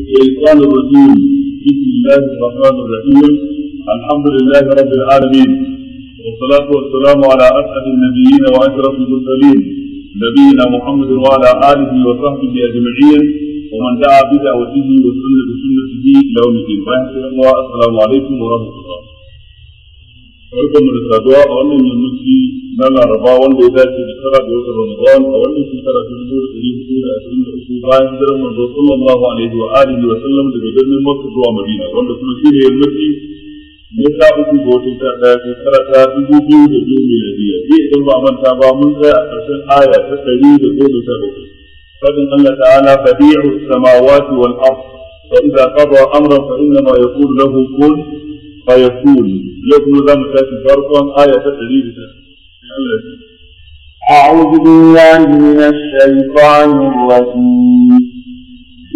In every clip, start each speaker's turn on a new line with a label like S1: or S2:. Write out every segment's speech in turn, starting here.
S1: الشيطان الرجيم بسم الله الرحمن الرحيم الحمد لله رب العالمين والصلاة والسلام على أسعد النبيين وأشرف المرسلين نبينا محمد وعلى آله وصحبه أجمعين ومن دعا بدعوته وسن بسنته إلى يوم الدين السلام عليكم ورحمة الله. Barkanmu da saduwa a wannan yammaci نانا نعم. ربا وانده ذاتي بسرعة بيوت رمضان اولي سنترى تنزول قريب سورة اسرين رسول باين در منظور صلى الله عليه وآله وسلم لبدن المرس دعا مدينة وانده كل شيء هي المتري نتاع في بوت الزرقاء في سرعة تنزول بيوت الدين ميلادية في اضلب عمان تابع منزع عشان آية تسليل بيوت سبب فإن الله تعالى بديع السماوات والأرض فإذا قضى أمرا فإنما يقول له كن فيكون لكن لم تكن فرقا آية تسليل سبب
S2: أعوذ بالله من الشيطان الرجيم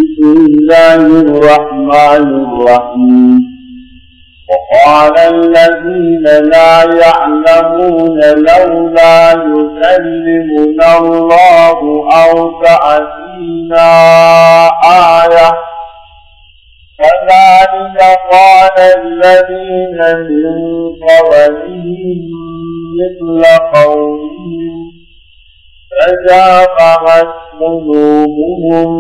S2: بسم الله الرحمن الرحيم وقال الذين لا يعلمون لولا يكلمنا الله أو تأتينا آية كذلك قال الذين من قبلهم مثل قولهم فجافعت قلوبهم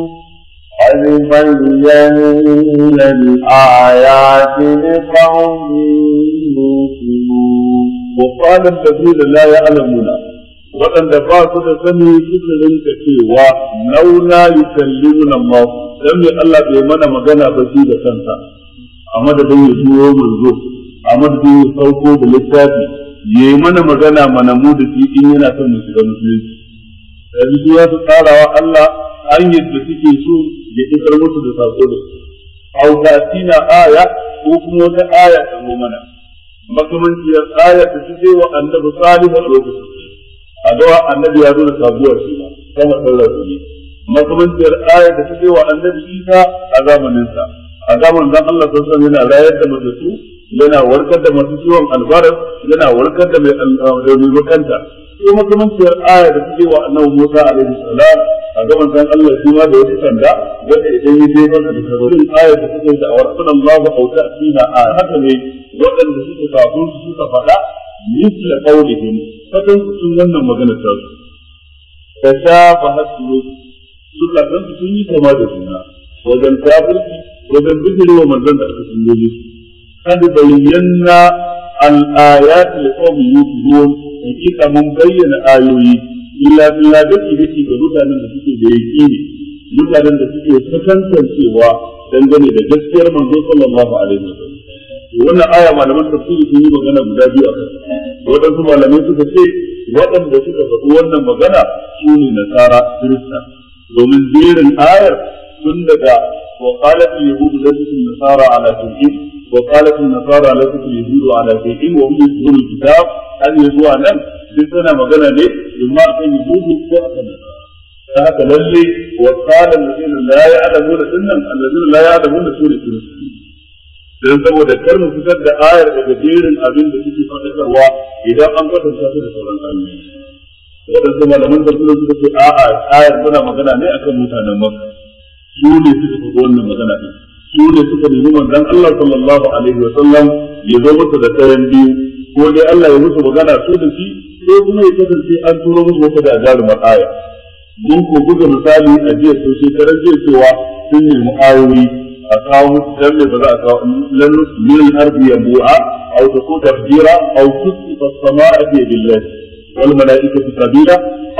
S2: قد بينا الآيات لقوم
S1: يوقنون وقال الذين لا يعلمون waɗanda ba su da sani suka rinka cewa laula nan ma dan me Allah bai mana magana ba shi da kansa a dai ya turo manzo a da ya sauko da littafi yayi mana magana mana mu da shi in yana son mu shiga musulunci Da su ya su tsarawa Allah an da suke so ya isar musu da sako da su aukatina aya ko kuma wata aya ta mana makamanciyar aya ta ce wa annabi salihu da a gawa annabi ya nuna sabuwar shi ma kama sauran su ne makamanciyar ayar da take wa annabi isa a zamaninsa a zamanin zan Allah sun san yana rayar da matattu yana warkar da masu ciwon albarar yana warkar da mai makanta sai makamanciyar ayar da take wa annabi musa alaihi salam a zaman san Allah shi ma da wata sanda wanda idan ya je kan da sabbin ayar da take da awar sallallahu alaihi wa sallam a haka ne waɗanda suka kafin su suka faɗa misla qaulihim fatan sun wannan magana ta su ta sha ba hasu suka san su sun yi kama da juna wajen kafirci wajen wa manzan da aka sun gobe kad bayyana mu ayat li qawmin yuqinun hakika mun bayyana ayoyi ila billah da ke ga mutanen da suke da ne mutanen da suke sakantancewa dangane da gaskiyar manzo sallallahu alaihi wa sallam wannan aya malaman tafsiri sun yi magana guda biyu a kan waɗansu malamai suka ce waɗanda suka faɗi wannan magana su ne nasara kirista domin jerin ayar tun daga wa qalat yahud lakum nasara ala shay'in wa qalat nasara a yahud ala shay'in wa hum yusdun kitab an zuwa nan duk tana magana ne imma kan yahudu ko akan nasara ta haka lalle wa qala allazina la don saboda kar mu fitar da ayar daga jerin abin da suke faɗakarwa idan an kwatar su da sauran ayoyi waɗansu malaman suna suka ce a'a ayar tana magana ne akan mutanen maka su ne suka fi wannan magana ɗin su ne suka nemi manzon Allah sallallahu alaihi wa sallam ya zo musu da tsayan biyu ko dai Allah ya musu magana su da shi ko kuma ya kasance an turo musu wata da jarumar ayar. mun ko buga misali a jiya sosai karan jiya cewa sun nemi ayoyi a kawo musu sharri ba za a kawo lan min al-ardi yabu'a aw tasut tafjira aw tusqita as-samaa'a bi billahi wal malaa'ikatu sabila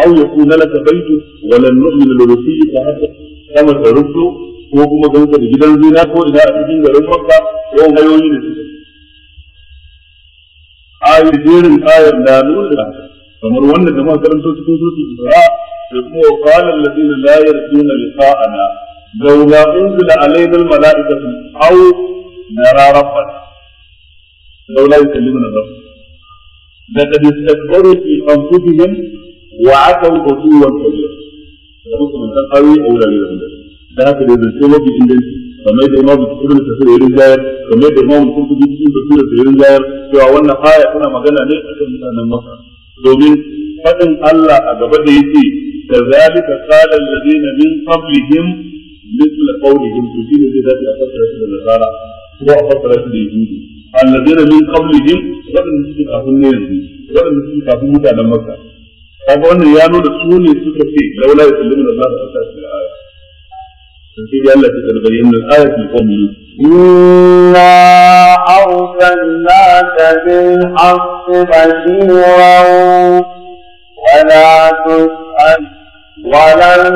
S1: aw yakuna laka baytun wa lan nu'minu li-wasiyyika hatta kama taruddu ko kuma ganka da gidan zina ko ina a cikin garin Makka ko hayoyi da suke ayar jerin ayar na nuna kamar wannan da muka karanto cikin sura da kuma qala alladhina la yarjuna liqa'ana لولا أنزل علينا الملائكة أو نرى ربنا لولا يكلمنا الرب لقد استكبروا في أنفسهم وعتوا عتوا كبيرا da wannan aya tana magana ne kan mutanen maka domin faɗin Allah a gaba da yake كذلك قال الذين من مثل قولهم تزيل بذات أفسر رسول النصارى هو أفسر رسول اليهود الذين من قبلهم ولم يسلك أهل يهود ولم يسلك أهل متى مكة kaga wannan ya nuna su ne suka ce laula ya sallimu da Allah ta shi aya sai dai Allah ta bayyana ayatul qawmi inna
S2: arsalnaka bil haqqi bashiran wa la tus'al ولن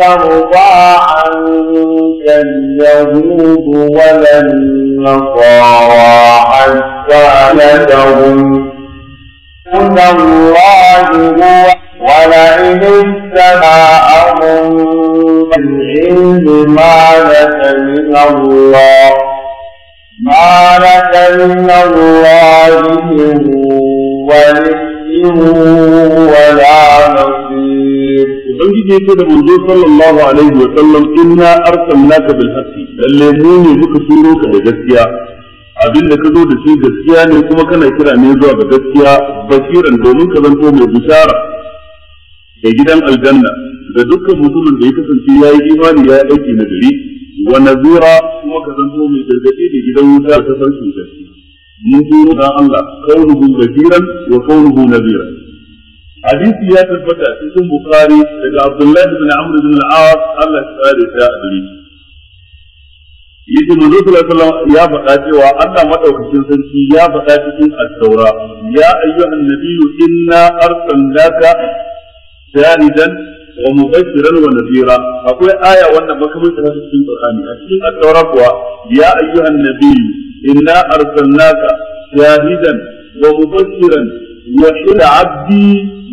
S2: ترضى عنك اليهود ولا النصارى حتى لهم هدى الله هو ولئن استماءهم بالعلم ما لك من الله ما لك من الله من ولي
S1: ولا نصير ubangiji yake da manzo sallallahu alaihi wa sallam inna arsalnaka bil haqqi lalle mu ne muka turo ka da gaskiya abinda ka zo da shi gaskiya ne kuma kana kira ne zuwa ga gaskiya basiran domin ka zanto mai bishara da gidan aljanna da dukkan mutumin da ya kasance ya yi imani ya aiki na gari wa nazira kuma ka zanto mai gargaɗi da gidan wuta ta sarkin gaskiya mun turo dan Allah kaunuhu basiran wa kaunuhu nabiran hadisi ya tabbata cikin bukhari daga abdullahi bin amr bin al-as Allah ya kare ta a gare shi da manzo sallallahu ya faɗa cewa Allah madaukakin sarki ya faɗa cikin at-taura ya ayyuhan nabiyyu inna arsalnaka shahidan wa mubashiran wa nadira akwai aya wannan makamantar haka cikin qur'ani a cikin at kuwa ya ayyuhan nabiyyu inna wa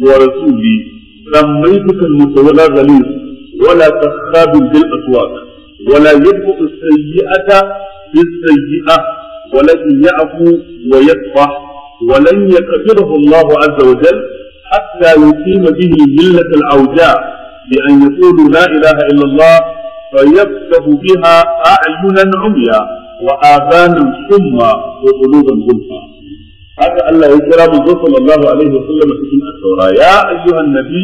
S1: ورسوله سميتك المتولى غليظ ولا تخاب بالاسواق ولا يدفع السيئة بالسيئة ولكن يعفو ويكفح ولن يكفره الله عز وجل حتى يقيم به ملة العوجاء بأن يقول لا إله إلا الله فيفتح بها أعينا عميا وآذانا سمى وقلوبا غلفا haka Allah ya kira manzo sallallahu alaihi wasallam cikin at-taura ya ayyuhan annabi,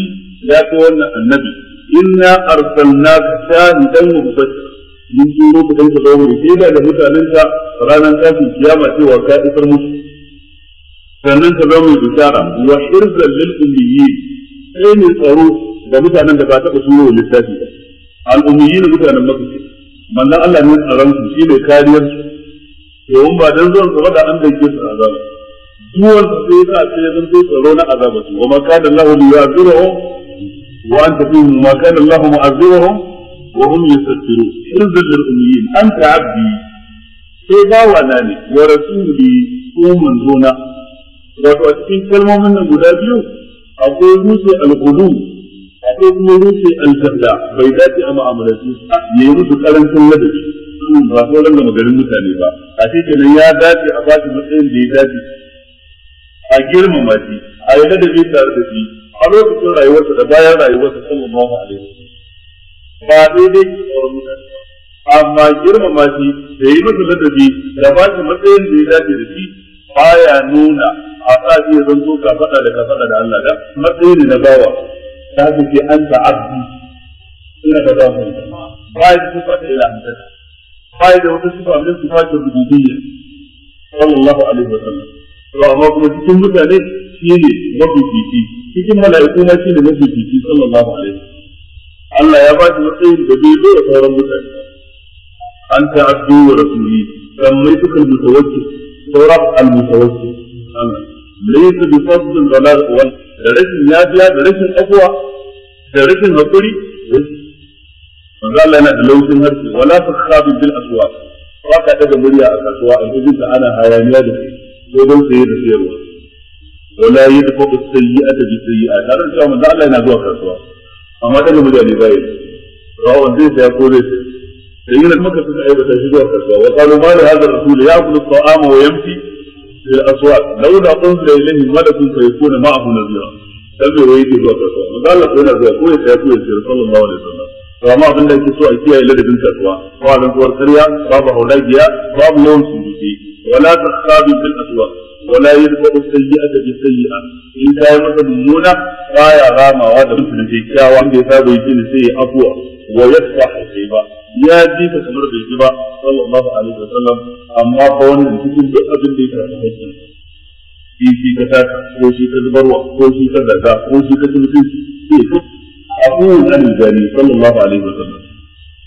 S1: ya kai wannan annabi inna arsalnaka shahidan mubashir mun turo ku dan ka zo mu shaida da mutanenka ranar kafin kiyama cewa ka isar musu sannan ka zo mu bishara wa hirzan lil ummiyin sai ne tsaro ga mutanen da ba taɓa turo wa littafi ba al'ummiyin mutanen maka ce manzon Allah ne tsaron su shi ne kariyar su domin ba dan zuwan su ba da an dauke su azaba duwan sai ya sa sai ya zanto tsaro na azabar su wa ma kana Allahu liyazirahum wa anta fihim ma kana Allahu mu'azirahum wa hum yastaghfirun irzil lil ummiyin anta abdi sai bawa na ne wa rasuli ko na. wato a cikin kalmomin nan guda biyu akwai rufe al-qudu akwai kuma rufe al bai dace a mu'amalarsu ne musu karancin ladabi ba su ran magarin mutane ba a cikin ya dace a ba shi matsayin da ya dace a girmama shi a yi ladabi tare da shi a lokacin rayuwarsa da bayan rayuwarsa sallallahu alaihi wasallam ba daidai ki tsoron mutane ba amma girmama shi da yi masa ladabi da ba shi matsayin da ya dace da shi baya nuna a sa ya zanto ka faɗa da ka faɗa da Allah da matsayin da na bawa ta haka ce an ta ina da za mu ba ya da faɗa ila amsata ba ya da wata sifa min sifatin rububiyya sallallahu alaihi sallam. to amma kuma cikin mutane shi ne mafi fifi cikin mala'iku ma shi ne mafi fifi sallallahu alaihi Allah ya ba shi matsayin da zai zo da sauran mutane an ta abdu wa rasuli kan mai suka mutawakkil saura al-mutawakkil Allah laysa bi fadlin wala wal da rashin yafiya da rashin afuwa da rashin hakuri manzo Allah yana da laushin harshe wala fakhabin bil aswaq ba ka daga murya a kasuwa a ta ana hayaniya da kai wajen saye da sayarwa wala sayi a sayyiata bi a tare da manzo Allah yana zuwa kasuwa amma ga mutane bai rawan zai saya ko zai sai yana kuma kasu da aibata shi zuwa kasuwa wa qalu ma da hadar rasul ya kula taama wa yamshi fil aswaq laula da ilayhi malakun fayakuna ma'ahu nadira dan bai wai zuwa kasuwa manzo Allah yana zuwa ko ya saya ko ya sayar sallallahu alaihi wasallam to amma abin da ake so a kiyaye ladabin kasuwa ba rantsuwar karya babu haulagiya babu yawan surutai ولا تصاب بالأسواق ولا يدفع السيئة بالسيئة إن كان مثل مونة قايا غاما وهذا مثل جيكا وعند يتاب يجين سيء أقوى ويفتح الجيبا يا جيكا سمر بالجبا صلى الله عليه وسلم أما قوانا لكي تبقى بالجيكا في في كتاك هو شيء تزبروا هو شيء تزكى هو شيء أقول عن الجاني صلى الله عليه وسلم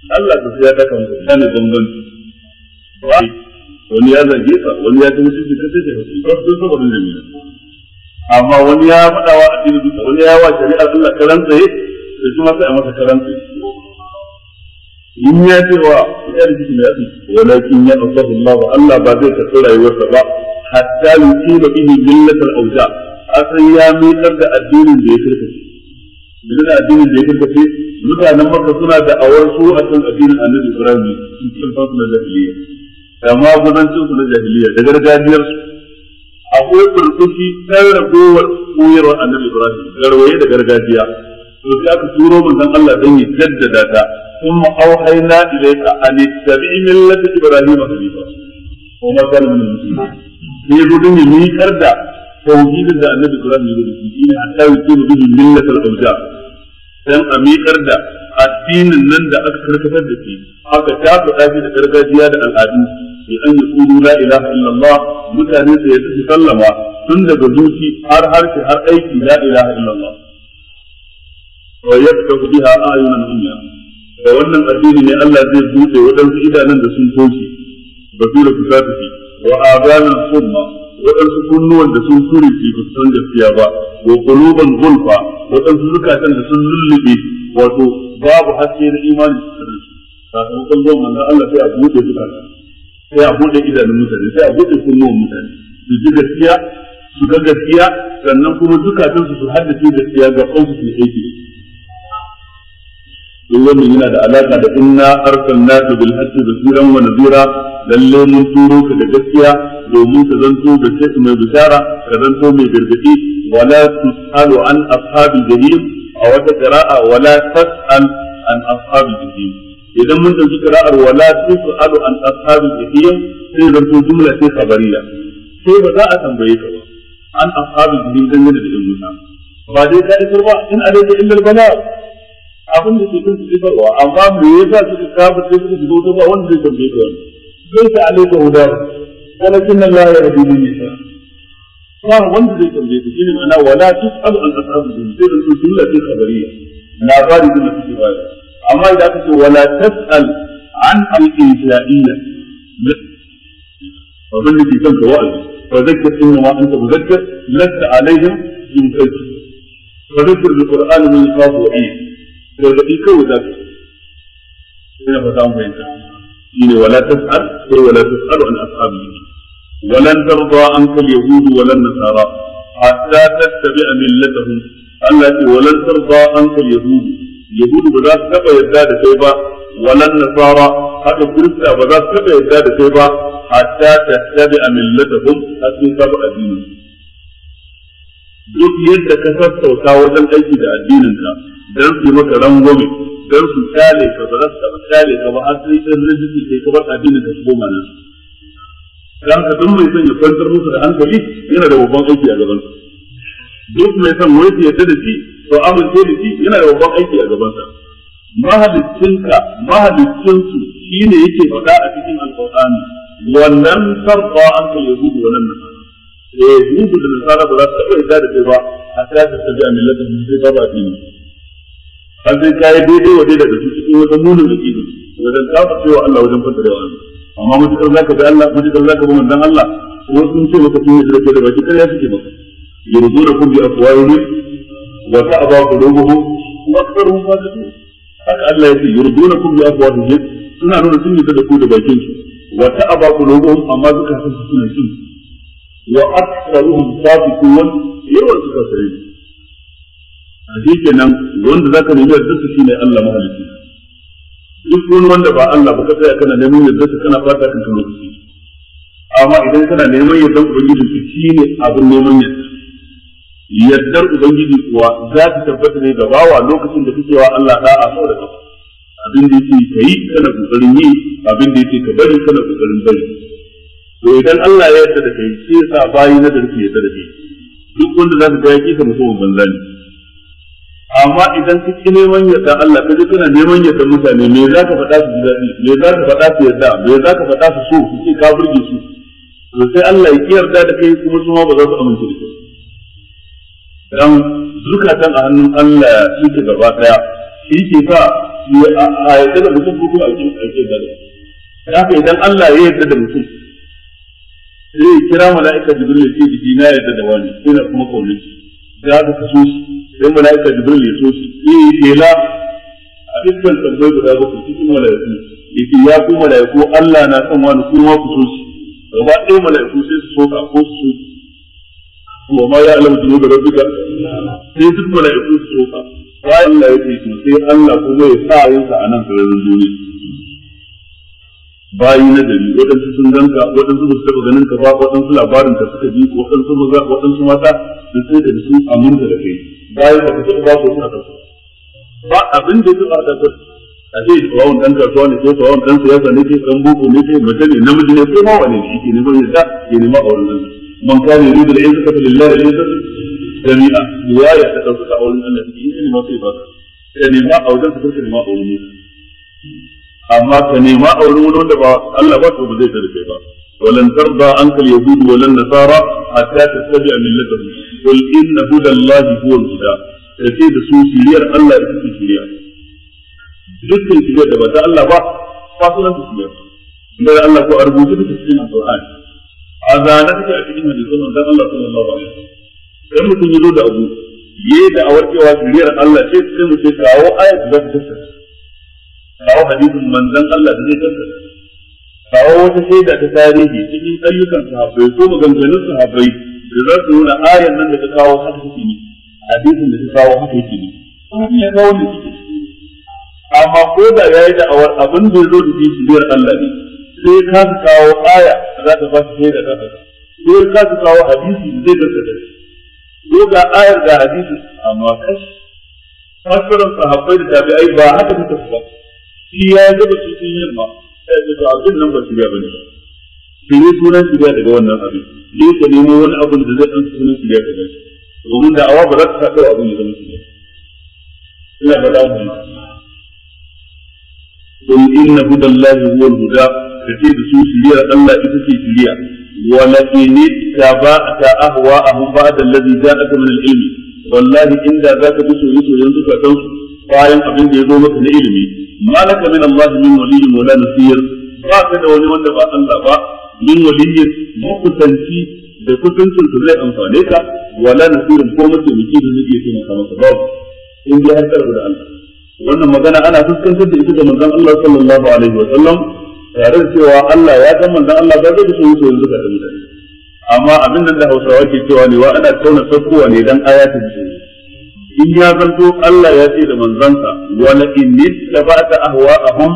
S1: Allah ta ya daga mutum ne wani ya zage ka wani ya tafi shi ka sai ka kasu ka duk saboda jami'a amma wani ya faɗa wa addini duka wani ya wa shari'a Allah karan tsaye da kuma sai a masa karan tsaye in ya ce wa ya rike shi mai asi walakin ya asahu Allah Allah ba zai karɓi rayuwarsa ba hatta yusiba bihi millatal awja asan ya miƙar da addinin da ya karkace da addinin da ya karkace mutanen Makka suna da awar su a akan addinin Annabi Ibrahim cikin fasu na jahiliya amma gudancin su na jahiliya da gargajiyar su akwai burkuki ɗan ragowar koyarwar annabi ibrahim garwaye da gargajiya to sai aka turo manzon Allah dan ya jaddada ta kuma auhayna ilayka an tabi'i millata ibrahim hanifa wa ma kana ne
S3: muslimin
S1: sai gudun ya miƙar da tauhidin da annabi ibrahim ya rubuta shi ne hatta yuqimu bihi millatal awja dan a miƙar da addinin nan da aka karkatar da shi aka tafi da gargajiya da al'adu bi an yaqulu la ilaha Allah, mutane su yadda su sallama tun daga zuci har harshe har aiki la ilaha illallah wa yaftahu biha ayunan umma da wannan addini ne Allah zai bude waɗansu idanun da sun toshe basira ku ta tafi wa abanan summa waɗansu kunnuwan da sun suri fi ba san gaskiya ba wa quluban zulfa waɗansu zukatan da sun lullube wato babu haske na imani sakamakon zuwan manzon Allah sai a buɗe zukatan sai a bude idanun mutane sai a bude kunnuwan mutane su ji gaskiya su ga gaskiya sannan kuma zukatan su su haddace gaskiya ga kansu su aiki to wannan yana da alaka da inna arsalna ka bil haqqi basiran wa nadira lalle mun turo ka da gaskiya domin ka zanto da mai bishara ka zanto mai gargadi wala tusalu an ashabil jahim a wata qira'a wala tasal an ashabil jahim idan mun dauki qira'ar wala tusalu an ashabil jahim sai zan to jumla sai khabariya sai ba za a tambaye ka ba an ashabil jahim dangane da ilmi ba dai ka isar ba in alayka illa bala abin da ke kan su ifarwa amma me yasa suka kafa sai suka shiga wuta ba wanda zai tambaye ka wannan zai ta alayka huda walakin Allah ya rabi min nisa ba wanda zai tambaye ka shine ana wala tusalu an ashabil jahim sai zan to jumla sai khabariya labari da suke bayar amma idan aka ce wala tas'al an al-insha'iyya abin da ke kan ka wa'azi fa zakkar inna ma anta muzakkar lasta alaihim in kaji fa zakkar bil qur'ani min khafu wa'id gargadi kawai zaka ina fata mu fahimta shine wala tas'al ko wala tas'al an ashabi ولن ترضى عنك اليهود ولا النصارى حتى تتبع ملتهم التي ولن ترضى عنك اليهود yahudu ba za su taɓa yarda da kai ba walan nasara haka kirista ba za su taɓa yarda da kai ba hatta tattabi'a millatahum har sai ka bi addinin duk yadda ka sassauta wajen aiki da addinin ka dan su maka rangwame dan su kyale ka ba za su taɓa kyale ka ba har sai dan rijiki kai ka bar addinin ka su koma nan dan ka dun mai son ya kwantar musu da hankali yana da babban aiki a gaban su duk mai son wai ya yarda da shi to amince da shi yana da babban aiki a gabansa mahalicinka mahalicinsu shi ne yake faɗa a cikin alƙur'ani wannan sarfa an ka yahudu wannan nasara da eh, yahudu da nasara ba za su taɓa yarda da kai ba a ta ta tabi a millatar musulmi ba ba dini an sai kayi daidai wa daidai da su cikin wata nuna da kini wajen kafa cewa Allah wajen fata wa Allah amma mutukar za ka bi Allah mutukar za ka bi manzon Allah wasu sun ce maka sun yi da kai da baki ɗaya suke maka yanzu da kun bi afwayoyi wa ta'aba qulubuhum wa aktharuhum fasiqun haka Allah ya ce yurdunakum bi afwahihim suna nuna sun yadda da ku da bakin su wa ta'aba qulubuhum amma duka sun suna kin wa aktharuhum fasiqun yawan su kafirai a shi kenan wanda zaka nemi yadda su shine Allah mahalicci duk wani wanda ba Allah ba ka tsaya kana neman yadda su kana fata kan lokaci amma idan kana neman yadda ubangiji shi ne abin neman yadda yaddar ubangiji kuwa za ta tabbata ne da bawa lokacin da kake wa Allah da a sau da kafa abin da yake kai kana kokarin yi abin da yake ka bari kana kokarin bari to idan Allah ya yarda da kai sai sa bayi na darki ya yarda duk wanda za ka ga yake ka musu banza ne amma idan ka ki neman yarda Allah ka ji kana neman yarda mutane me za ka faɗa su ji daɗi me za ka faɗa su yarda me za ka faɗa su so su ce ka burge su to sai Allah ya yarda da kai kuma su ma ba za su amince da kai dan zukatan a hannun Allah shi ke gaba daya shi ke sa a yadda da mutum ko a cikin ake da haka idan Allah ya yarda da mutum sai kira mala'ika jibril ya ce biki na yarda da wani ina kuma kaunin shi da ka kaso sai mala'ika jibril ya so shi eh tela a dukkan tambayi guda bakwai cikin mala'iku yake ya ku mala'iku Allah na san wani kuma ku so shi gaba ɗaya mala'iku sai su soka ko su so وما يعلم ya'lamu ربك rabbika sai duk mala'iku su tsoka wa Allah ya ce sai Allah kuma ya sa yansa a nan sararin duniya bayi na gari waɗansu sun ganka waɗansu ba su taɓa ganin ka ba waɗansu labarin ka suka ji waɗansu maza waɗansu mata da sai da sun aminta da kai bayi ba ka taɓa ba ko suna kansu ba abin da ya taɓa da a ce tsawon ɗan kasuwa ne ko tsawon ɗan siyasa ne ke ɗan boko ne ke mace ne namiji ne ko ma wane shi ke neman yadda ke neman auren nan من كان يريد العزة فلله العزة جميعا لا يحتفظ أول النبي لما في بدر يعني ما أوجدت تلك ما أولمون أما كان ما أولمون ودفع الله بس وبديت الكتاب ولن ترضى عنك اليهود ولا النصارى حتى تتبع ملتهم قل إن هدى الله هو الهدى تسيد سوسيليا الله سوسيليا دكتور كبير دبا الله با فاصلة تسمية بل الله هو أرجوك في تسليم القرآن a zane take a cikin hadisan manzon Allah sallallahu alaihi wasallam dan mutum yazo da abu yayi da awar cewa shiriyar Allah ce sai mu ce kawo ayat da ta tsaya kawo hadisin manzon Allah da zai tsaya kawo wata shaida ta tarihi cikin ayyukan sahabbai ko maganganun sahabbai da za su nuna ayar nan da ta kawo haka take ne hadisin da ta kawo haka yake ne kuma ya kawo ne amma ko da yayi da awar abin da yazo da shiriyar Allah ne sai ka kawo aya za ta ba shi shaida ta haka ko ka su kawo hadisi da zai gaskata shi ko ga ayar da hadisi amma kashi fassarar sahabbai da tabi'ai ba haka suka ba shi ya gaba su sun yin ma sai ce to abin nan ba shi ba ne shi ne sunan shi daga wannan abin dai ka nemo wani abin da zai ɗan sunan shi daga shi domin da awa ba za ta sa abin ya zama shi ne ina faɗa mu قل إن هدى الله هو الهدى kace da su shiriyar Allah ita ce shiriya wa laqin tabata ahwa'ahum ba'da alladhi ja'aka min al-ilm wallahi inda zaka bi so yaso yanzu ka dan bayan abin da ya zo maka na ilimi malaka min Allah min waliyyin wala nasir ba ka da wani wanda ba Allah ba min waliyyin mukusanci da kusancin su zai amfane ka wala nasirin ko mataimaki da zai yi taimaka maka ba in dai har da Allah wannan magana ana fuskantar da ita ga manzon Allah sallallahu alaihi wa sallam tare da cewa Allah ya san manzon Allah ba zai so yin yanzu ka da mutane amma abin da da Hausawa ke cewa ne wa ana tauna sakkowa ne dan ayatin ji in ya zanto Allah ya ce da manzansa wala in ittaba'ta ahwa'ahum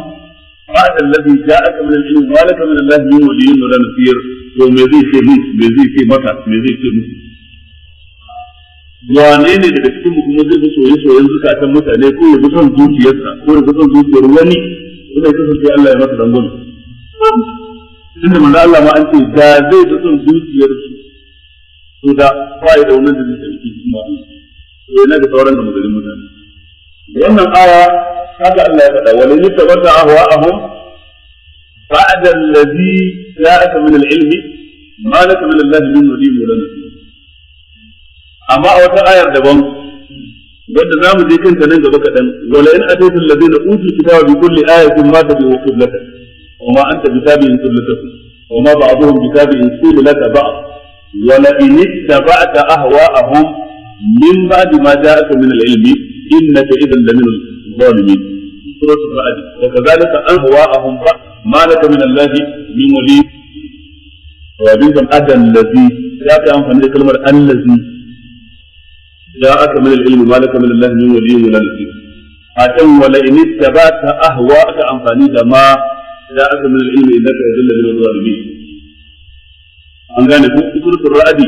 S1: ba'd alladhi ja'aka min al-ilm wa laka min Allah min waliyyun la nasir to me zai ce mu me zai ce maka me zai ce mu wane ne daga cikin mu kuma zai bi soye zuka ta mutane ko ya bi son zuciyarsa ko ya bi son zuciyar wani kuma ya kasance Allah ya masa dangane
S3: tunda
S1: manzo Allah ma an ce da zai da son zuciyar su to da ba da wannan da zai kuma to yana da sauran da mutane wannan aya haka Allah ya faɗa walin tabata ahwa'ahum بعد الذي جاءك من العلم ما لك من الله من ولي ولا أما أو تآية دبان بعد نام ذيك أنت ننجبك ولئن أتيت الذين أوتوا الكتاب بكل آية ما تبعوا قبلتك وما أنت بتابع قبلتهم وما بعضهم بتابع لك بعض ولئن اتبعت أهواءهم من بعد ما جاءك من العلم إنك إذا لمن الظالمين سورة الرعد وكذلك أهواءهم ما لك من الله من ولي وابنكم أدى الذي جاءك أنفهم كلمة الذي جاءك من العلم ما لك من الله من ولي ولا نصير أتم ولئن اتبعت أهواءك أنفاني ما ja'aka min al-ilmi innaka yadullu min al-zalimin an gane ko suratul ra'd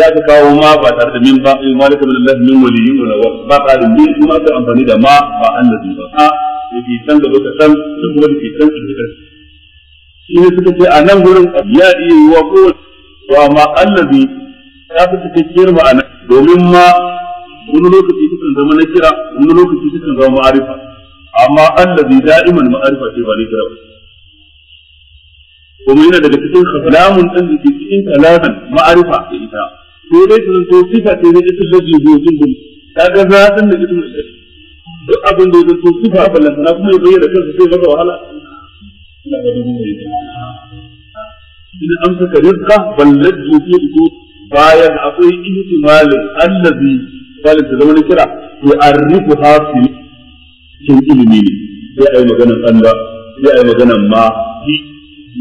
S1: ya ka kawo ma ba tare da min ba in malika min Allah min waliyyin wala wa ba qarin min kuma ka amfani da ma ba annabi ba a yake san gaba ka san duk kuma da ke san ki da shi ne suka ce a nan gurin ya iya yi wa ko to amma annabi ya fi cikakkiyar ma'ana domin ma wani lokaci sukan zama na kira wani lokaci sukan zama ma'arifa amma annabi da'iman ma'arifa ce ba ne kira ba kuma yana daga cikin kalamun ɗan da ke cikin kalaman ma'arifa da ita sai dai su zanto sifa ce na ita da jibi wa jin gudu ta san zaɗin da ita mutum duk abin da ya zanto sifa a ballantana kuma ya bayyana kansa sai masa wahala
S3: ina ga dubu mai
S1: in amsa amsaka rizqa ballatu fi uku bayan akwai ihtimalin allazi talib da zaman kira ya arrifu hafi cikin ilimi ne sai ai maganan Allah sai ai maganan ma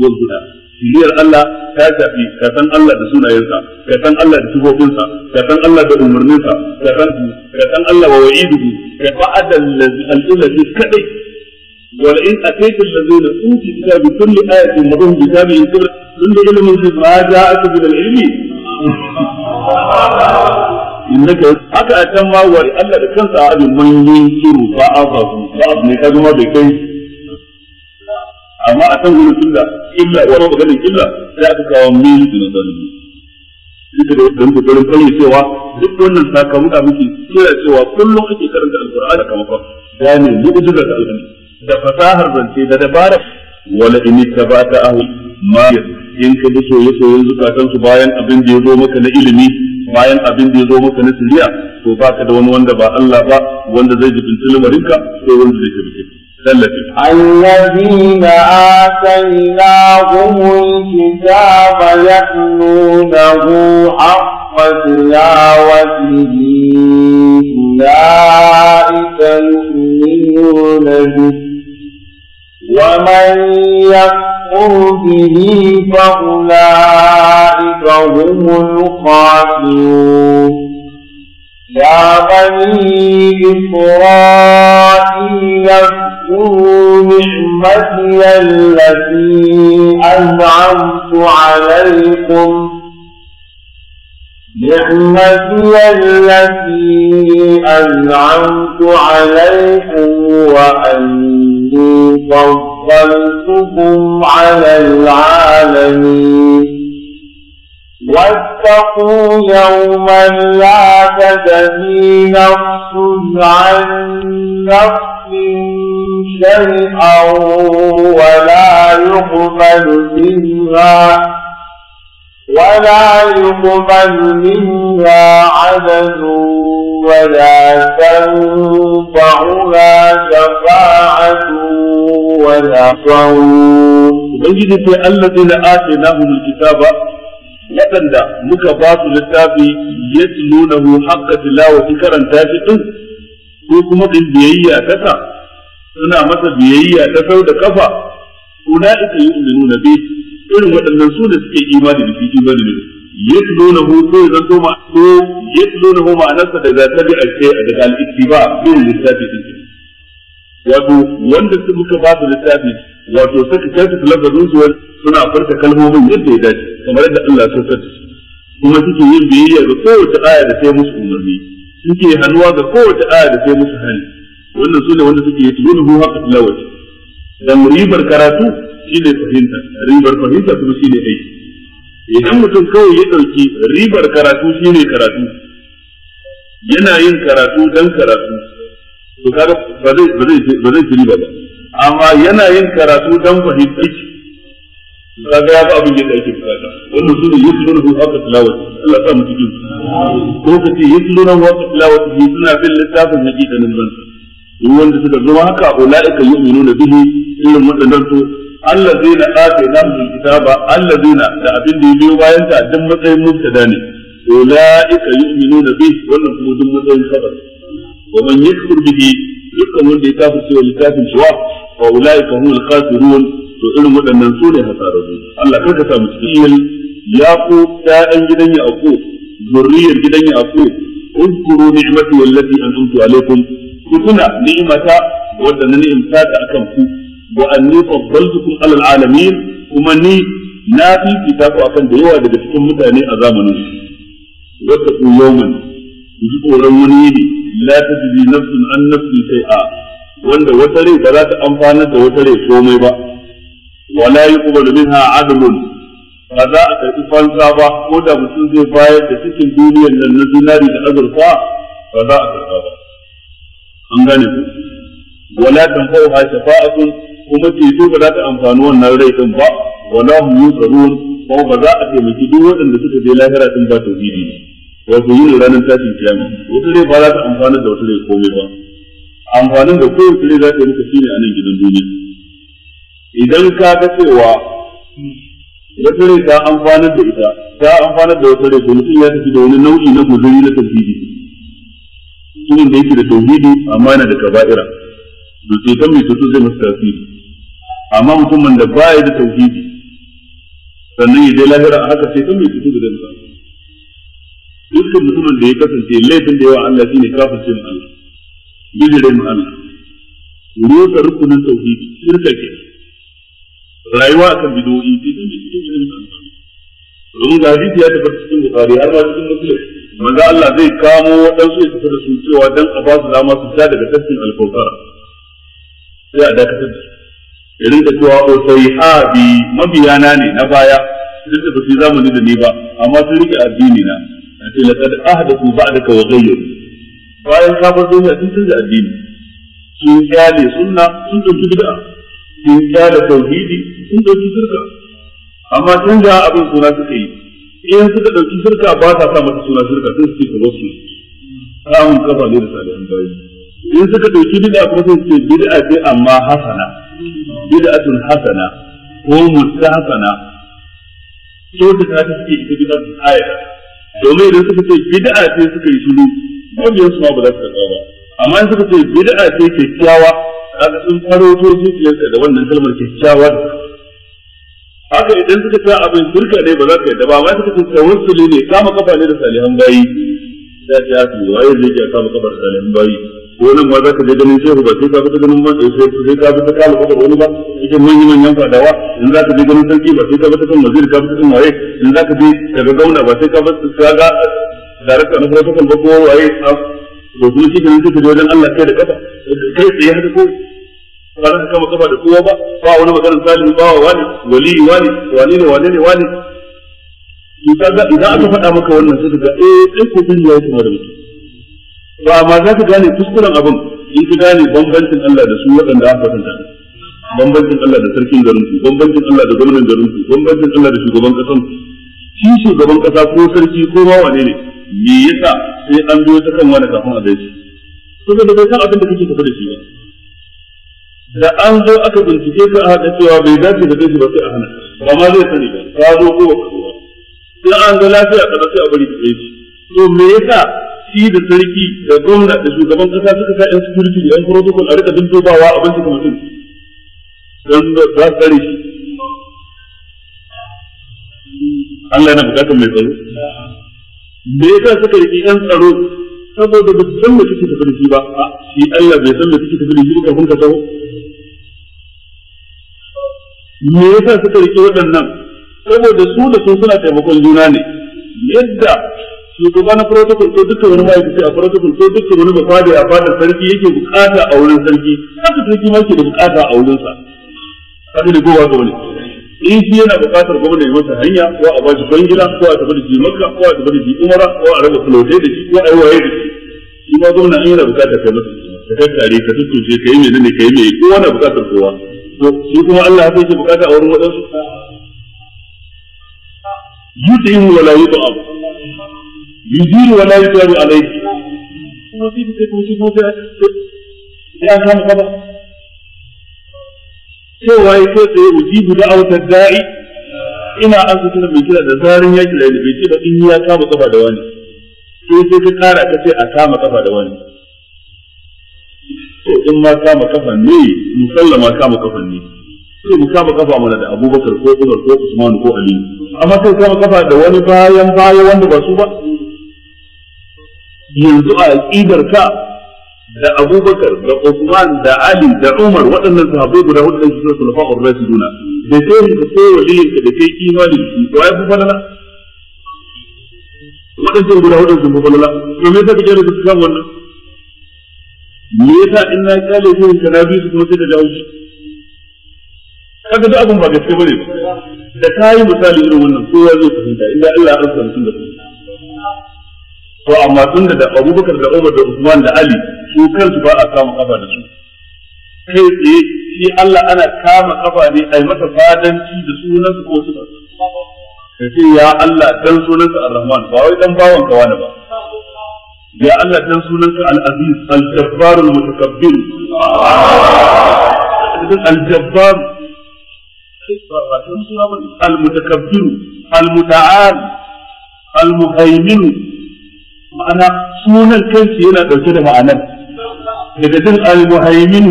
S1: wal huda Allah ta shafi ka san Allah da sunayensa ka san Allah da sifofinsa ka san Allah da umarninsa ka san ka san Allah wa wa'iduhu ka ba'ada al-illati kadai ولئن أتيت الذين أوتوا الكتاب بكل آية مرهم بكتاب يسر كل In ما جاءك من العلم إنك haka a can ma wa Allah da kansa a abin man yin kiru ba a ba ba ne ka zama da kai amma a kan gurin sunna illa wa ganin illa sai aka kawo min sunan zalimi duka da don kokarin kalli cewa duk wannan sakamuka muke kira cewa kullum ake karanta alqur'ani kamar fa gane mu'jizar alqur'ani da fasahar zance da dabara wala in tabata ahu ma in ka bi soye-soyen zukatan su bayan abin da ya zo maka na ilimi bayan abin da ya zo maka na siriya to baka da wani wanda ba Allah ba wanda zai jibinci lamarinka sai wanda zai tabbata الذين
S2: آتيناهم الكتاب يتلونه حق تلاوته أولئك يؤمنون به ومن يكفر به فأولئك هم الخاسرون يا بني إسرائيل اذكروا نعمتي التي أنعمت عليكم نعمتي التي أنعمت عليكم وأني فضلتكم على العالمين واتقوا يوما لا تجزي نفس عن نفس شيئا ولا يقبل منها ولا يقبل منها عدل ولا
S1: تنفعها شفاعة ولا صوم. الذين آتيناهم الكتاب waɗanda muka ba su littafi ya tsununahu haƙƙa tilawati karanta shi din ko kuma ɗin biyayya kasa suna masa biyayya ta sau da kafa ulaika nuna bi irin waɗannan su da suke imani da shi imani ne mu ko ya to ma to ma ma'anarsa da za ta bi a ce daga al'adu ba bin littafi din wato wanda su muka ba su littafi wato saka kyautata lafazin su suna farta kalmomin yadda ya dace kamar da Allah ya saukar da shi kuma suke yin biyayya ga kowace aya da sai musu umarni suke hannuwa ga kowace aya da sai musu hali wannan su ne wanda suke yi tulu hu haka tilawati dan ribar karatu shi ne fahimta ribar fahimta kuma shi ne aiki idan mutum kawai ya ɗauki ribar karatu shi ne karatu yana yin karatu dan karatu to kaga ba zai ba zai ba zai ci riba ba amma yana yin karatu dan fahimta ki kaga ya ga abin da yake wannan sune yasluna hu haka tilawati Allah ta mu cikin ko ka ce yasluna hu haka tilawati suna bin littafin hakikanin ban duk wanda suka zama haka o yi ulaika yu'minuna bihi irin waɗannan to Allah zai na ƙafe na mu kitaba Allah zai na da abin da ya biyo bayan ta duk matsayin mubtada ne ulaika yu'minuna bihi wannan kuma don matsayin kabar wa man yakfur bihi dukkan wanda ya kafa cewa littafin shi wa fa ulaika humul khasirun to irin waɗannan su ne hasararru Allah kar ka samu cikin ya ku ƴaƴan gidan ya aku zuriyar gidan ya aku اذكروا نعمتي التي انعمت alaikum. كتنا ni'mata wanda na ni'imta ta akan ku wa anni faddaltukum alal alamin kuma ni na fita ku akan da yawa daga cikin mutane a zamanin wata ku yawman ku ji tsoron wani ne la tajzi nafsun an nafsin sai'a wanda wata rai ba za ta amfanar da wata rai komai ba wala yuqbalu minha adlun ba za a karɓi fansa ba ko da mutum zai bayar da cikin duniyar nan na zinari da azurfa ba za a karɓa ba an gane ku wala ha shafa'atun kuma ceto ba za ta amfani wannan rai din ba wala hum yusarun ko ba za a taimaki duk waɗanda suka je lahira din ba tauhidi ne wato yin ranar tashin kiyama wata rai ba za ta amfani da wata rai komai ba amfanin da kowace rai za ta yi maka shine a nan gidan duniya idan ka ga cewa wata rai ta amfanar da ita ta amfanar da wata rai da mutum ya tafi da wani nau'i na guzuri na tauhidi irin da yake da tauhidi amma yana da kaba'ira to sai kan mai tutu zai masu tasiri amma mutumin da baya da tauhidi sannan ya je lahira a haka sai kan mai tutu zai masa dukkan mutumin da ya kasance laifin da yawa Allah shine kafirce mu Allah bijire ma Allah rusa rukunin tauhidi shirka kenan rayuwa akan bidoyi bidoyi ne cikin ilimin asali domin ga hadisi ya tabbata cikin bukari har ma cikin muslim manzo Allah zai kamo waɗansu ya tafi da su cewa dan a ba su dama su ta daga tafkin alkautara sai a dakatar da su ya rinka cewa o sai abi mabiyana ne na baya duk da ba su zamani da ni ba amma sun rike addini na a ce laqad ahdathu ba'daka wa ghayyaru bayan ka bar duniya sun canza addini sun kyale sunna sun dauki bid'a sun kyale tauhidi sun ɗauki sirka amma da abin suna suka yi in suka ɗauki sirka ba sa sa mata suna sirka sun su ka ta wasu samun kafa ne da salihan bayi in suka ɗauki bid'a kuma sun suke ce bid'a ce amma hasana tun hasana ko hasana so da ta ta suke ita bid'a ayata domin idan suka ce bid'a ce suka yi shiru mabiyan su ma ba za su karɓa ba amma in suka ce bid'a ce kyakkyawa kaga sun faroto zuciyarsa da wannan kalmar kyakkyawa da haka idan suka ce abin shirka ne ba za ka yadda ba wai suka ce tawassuli ne kama kafa ne da salihan bayi da ta yi waye zai iya kama kafa da salihan bayi ko nan ma za ka je ganin shehu ba sai ka fita ganin man sai ka fita kala kafa wani ba cikin manyan manyan fadawa in za ka je ganin sarki ba sai ka fita kan wazir ka fita kan waye in za ka je daga gauna ba sai ka fita ka ga eh, darakta na protocol ba ko waye ah, to kuma shi ne sai ka da wajen Allah kai da kafa kai tsaye haka ko ba za ka kama kafa da kowa ba ba wani maganar salihu ba wa wani wali wani wani ne wani ne wani idan aka faɗa maka wannan sai daga eh ɗan kofin ya yi kama da mutum ba ma za ka gane kuskuren abin in ka gane bambancin Allah da su waɗanda aka kwatanta bambancin Allah da sarkin garin su bambancin Allah da gwamnan garin su bambancin Allah da shugaban kasan shi shugaban kasa ko sarki ko ma wane ne me yasa sai an biyo ta kan wani kafin a gaishe saboda bai san abin da kake tafi da shi ba da an zo aka bincike ka haɗa cewa bai dace da kai ba sai a hana ba ma zai sani ba ka zo ko ba ka sai an ga lafiya ka sai a bari ka yi to me yasa shi da sarki da gwamna da shugaban kasa suka sa yan security da yan protocol a rika dindobawa a bincike mutum dan da za su tsare shi Allah yana bukatar mai tsaro me yasa suka riki yan tsaro saboda ba su san da suke tafi da shi ba shi Allah bai san me suke tafi da shi ba kun ka taho me yasa suka rike waɗannan saboda su da su suna taimakon juna ne yadda shugaba na protocol ko dukkan wani ma'aikaci a protocol ko dukkan wani bafade a fadar sarki yake bukata a wurin sarki haka sarki ma ke da bukata a wurin sa. haka da gowa ga wani in shi yana bukatar gwamnati ya masa hanya ko a bashi bangila ko a tafi da shi makka ko a tafi da shi umara ko a raba fulotai da shi ko a yi waye da shi shi ma gwamna an yana bukatar kai masa ka kakkare ka tuttuce ka yi menene ka yi mai kowa na bukatar kowa to shi kuma Allah haka yake bukata a wurin wadansu yudin wala yudab
S3: yudir wala yudab alayhi
S2: kuma sai da kuma shi gobe ya san gaba cewa ya kai tsaye
S1: ujibu da autar da'i ina an su tuna mai da zarin yaki kira da bai ce ba in ya kama kafa da wani sai sai ka kara ka ce a kama kafa da wani to in ma kama kafa ne musallama kama kafa ne sai mu kama kafa mana da Abubakar ko Umar ko Usman ko Ali amma sai kama kafa da wani bayan baya wanda ba su ba yanzu a aqidar ka da Abubakar da Usman da Ali da Umar waɗannan sahabbai guda hudu da su sulafa'ur rasuluna da sai ka so waliyin ka da kai imani wa ya fi falala waɗannan guda hudu sun fi falala to me yasa kake da kan wannan me yasa in na kyale shi ka kana biyu su kuma sai da jawo shi kaga duk abin ba gaske bane da kai misali irin wannan kowa zai fahimta inda Allah ya san sun da su to amma tun da Abubakar da Umar da Usman da Ali su kansu ba a kama kafa da su sai tsaye shi Allah ana kama kafa ne ai masa fadanci da su ko su ka ce ya Allah dan sunansa Ar-Rahman ba wai dan bawan kawana ba يا الله دان سنك العزيز الجبار المتكبر الجبار المتكبر المتعال المهيمن معنى سنة كيف هنا تلتد معنى لكن المهيمن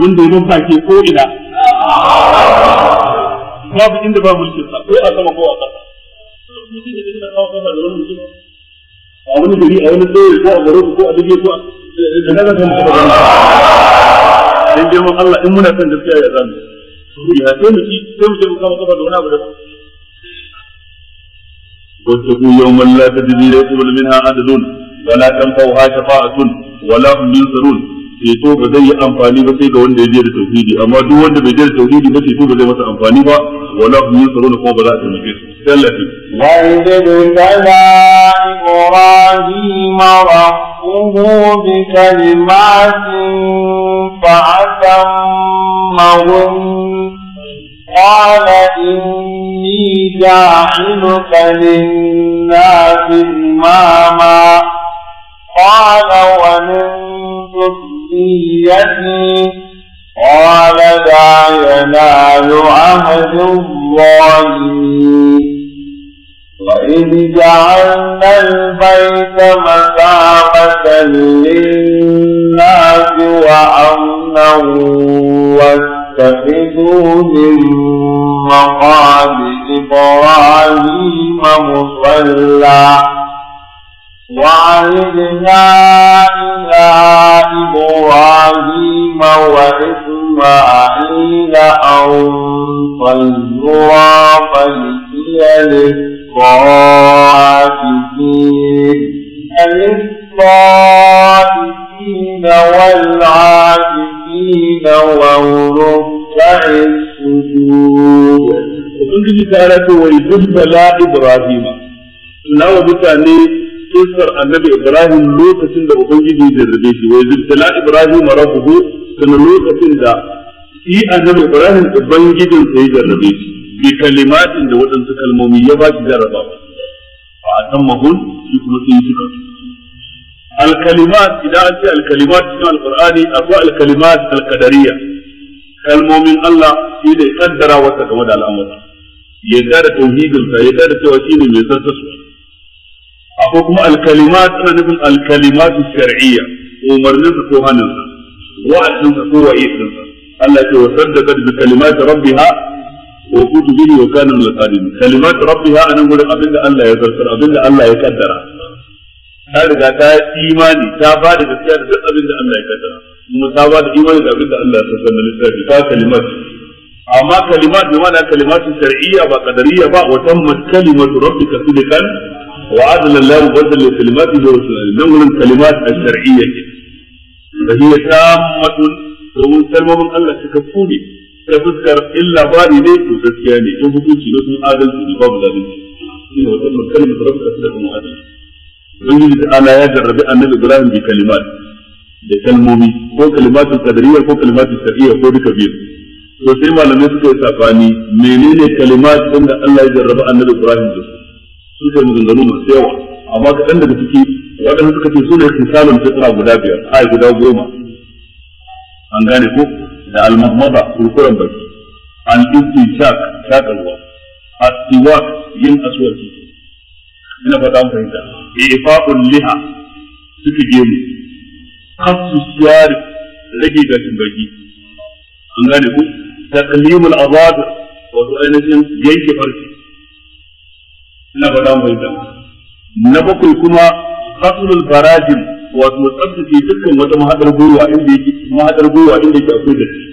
S1: من دون باكي قوئنا ما في عند باب الشيطان قوئا سمقوا أقصى a wani gari a wani tsaye ko a garo ko a dubi ko da na da dan girman Allah in muna son gaskiya ya zamu ya sai mu ci sai mu ce mu kama kafa da wani abu da واتقوا يوما لا تجزي نفس منها عدل ولا تنفعها شفاعة ولا هم ينصرون ceto ba zai yi amfani ba sai ga wanda ya je da tauhidi amma duk wanda bai je da tauhidi ba ceto ba zai masa amfani ba wala kuma ba za a tallafi
S2: wajib tala ibrahim rabbuhu bi kalimatin fa atamma قال إني جاعلك للناس إماما قال ومن ذريتي قال لا ينال عهد الظالمين وإذ جعلنا البيت مثابة للناس وأمنا واتخذوا من مقام إبراهيم مصلى وعهدنا إلى إبراهيم وإسرائيل إسماعيل أو طيرا فلكي للطائفين للطائفين والعاكفين والركع السجود
S1: Ubangiji ta rafe wa Yusufala Ibrahima, nawa mutane kisar annabi Ibrahim lokacin da Ubangiji ya zarrabe shi, wa Yusufala Ibrahim rabbuhu tuna lokacin da shi annabi Ibrahim ubangijin sai jarrabe shi bi kalimatin da waɗansu kalmomi ya ba shi jarraba a san mahun shi kuma sun suka al-kalimat idan an ce al-kalimat cikin al-Qur'ani akwai al-kalimat al-qadariyya kalmomin Allah shi ne kaddara wata game da al'amura ya kada tauhidin sa ya kada cewa shi ne mai sassa su akwai kuma al-kalimat ana nufin al-kalimat shar'iyya umarnin ko hannun sa wa'azin sa ko wa'i din sa Allah ce wa saddaqat bi kalimati rabbiha wa kutubihi wa kana min al-qadimin kalimati rabbiha anan gurin abinda Allah ya zartar abinda Allah ya kaddara ta riga ta imani ta ba da gaskiya da duk abinda Allah ya kaddara kuma ta ba abinda Allah ya sassana da lissafi ta amma kalimat bi kalimatu shar'iyya ba kadariya ba watan tammat kalimatu rabbika sidqan wa adala la mubaddala li kalimatihi nan da ta tammatun domin kalmomin Allah suka fune ta fuskar in labari ne to gaskiya ne in hukunci ne sun adalci ne babu zalunci shi ne wata kalmar rabbika ta kuma adalci ubangiji da ala ya jarrabi annabi ibrahim bi kalimat da kalmomi ko kalimatul qadariyya ko kalimatul shar'iyya ko duka biyu to malamai suka yi safani menene kalima din da Allah ya jarraba annabi ibrahim da su yawa amma kaɗan daga ciki waɗanda suka ce su ne misalin fitra guda biyar ai guda goma an gane ko da almahmada kurkuren baki al istishaq shakalwa asiwak yin aswaki ina fata mu fahimta ifa'ul liha suke gemu Kasu shari rage gashin baki an gane ko taqlimul azad wato ainihin yanke farce ina fata mu fahimta na bakwai kuma qatlul barajim wato tsabtace dukkan wata mahadar gwiwa inda yake mahadar gwiwa da shi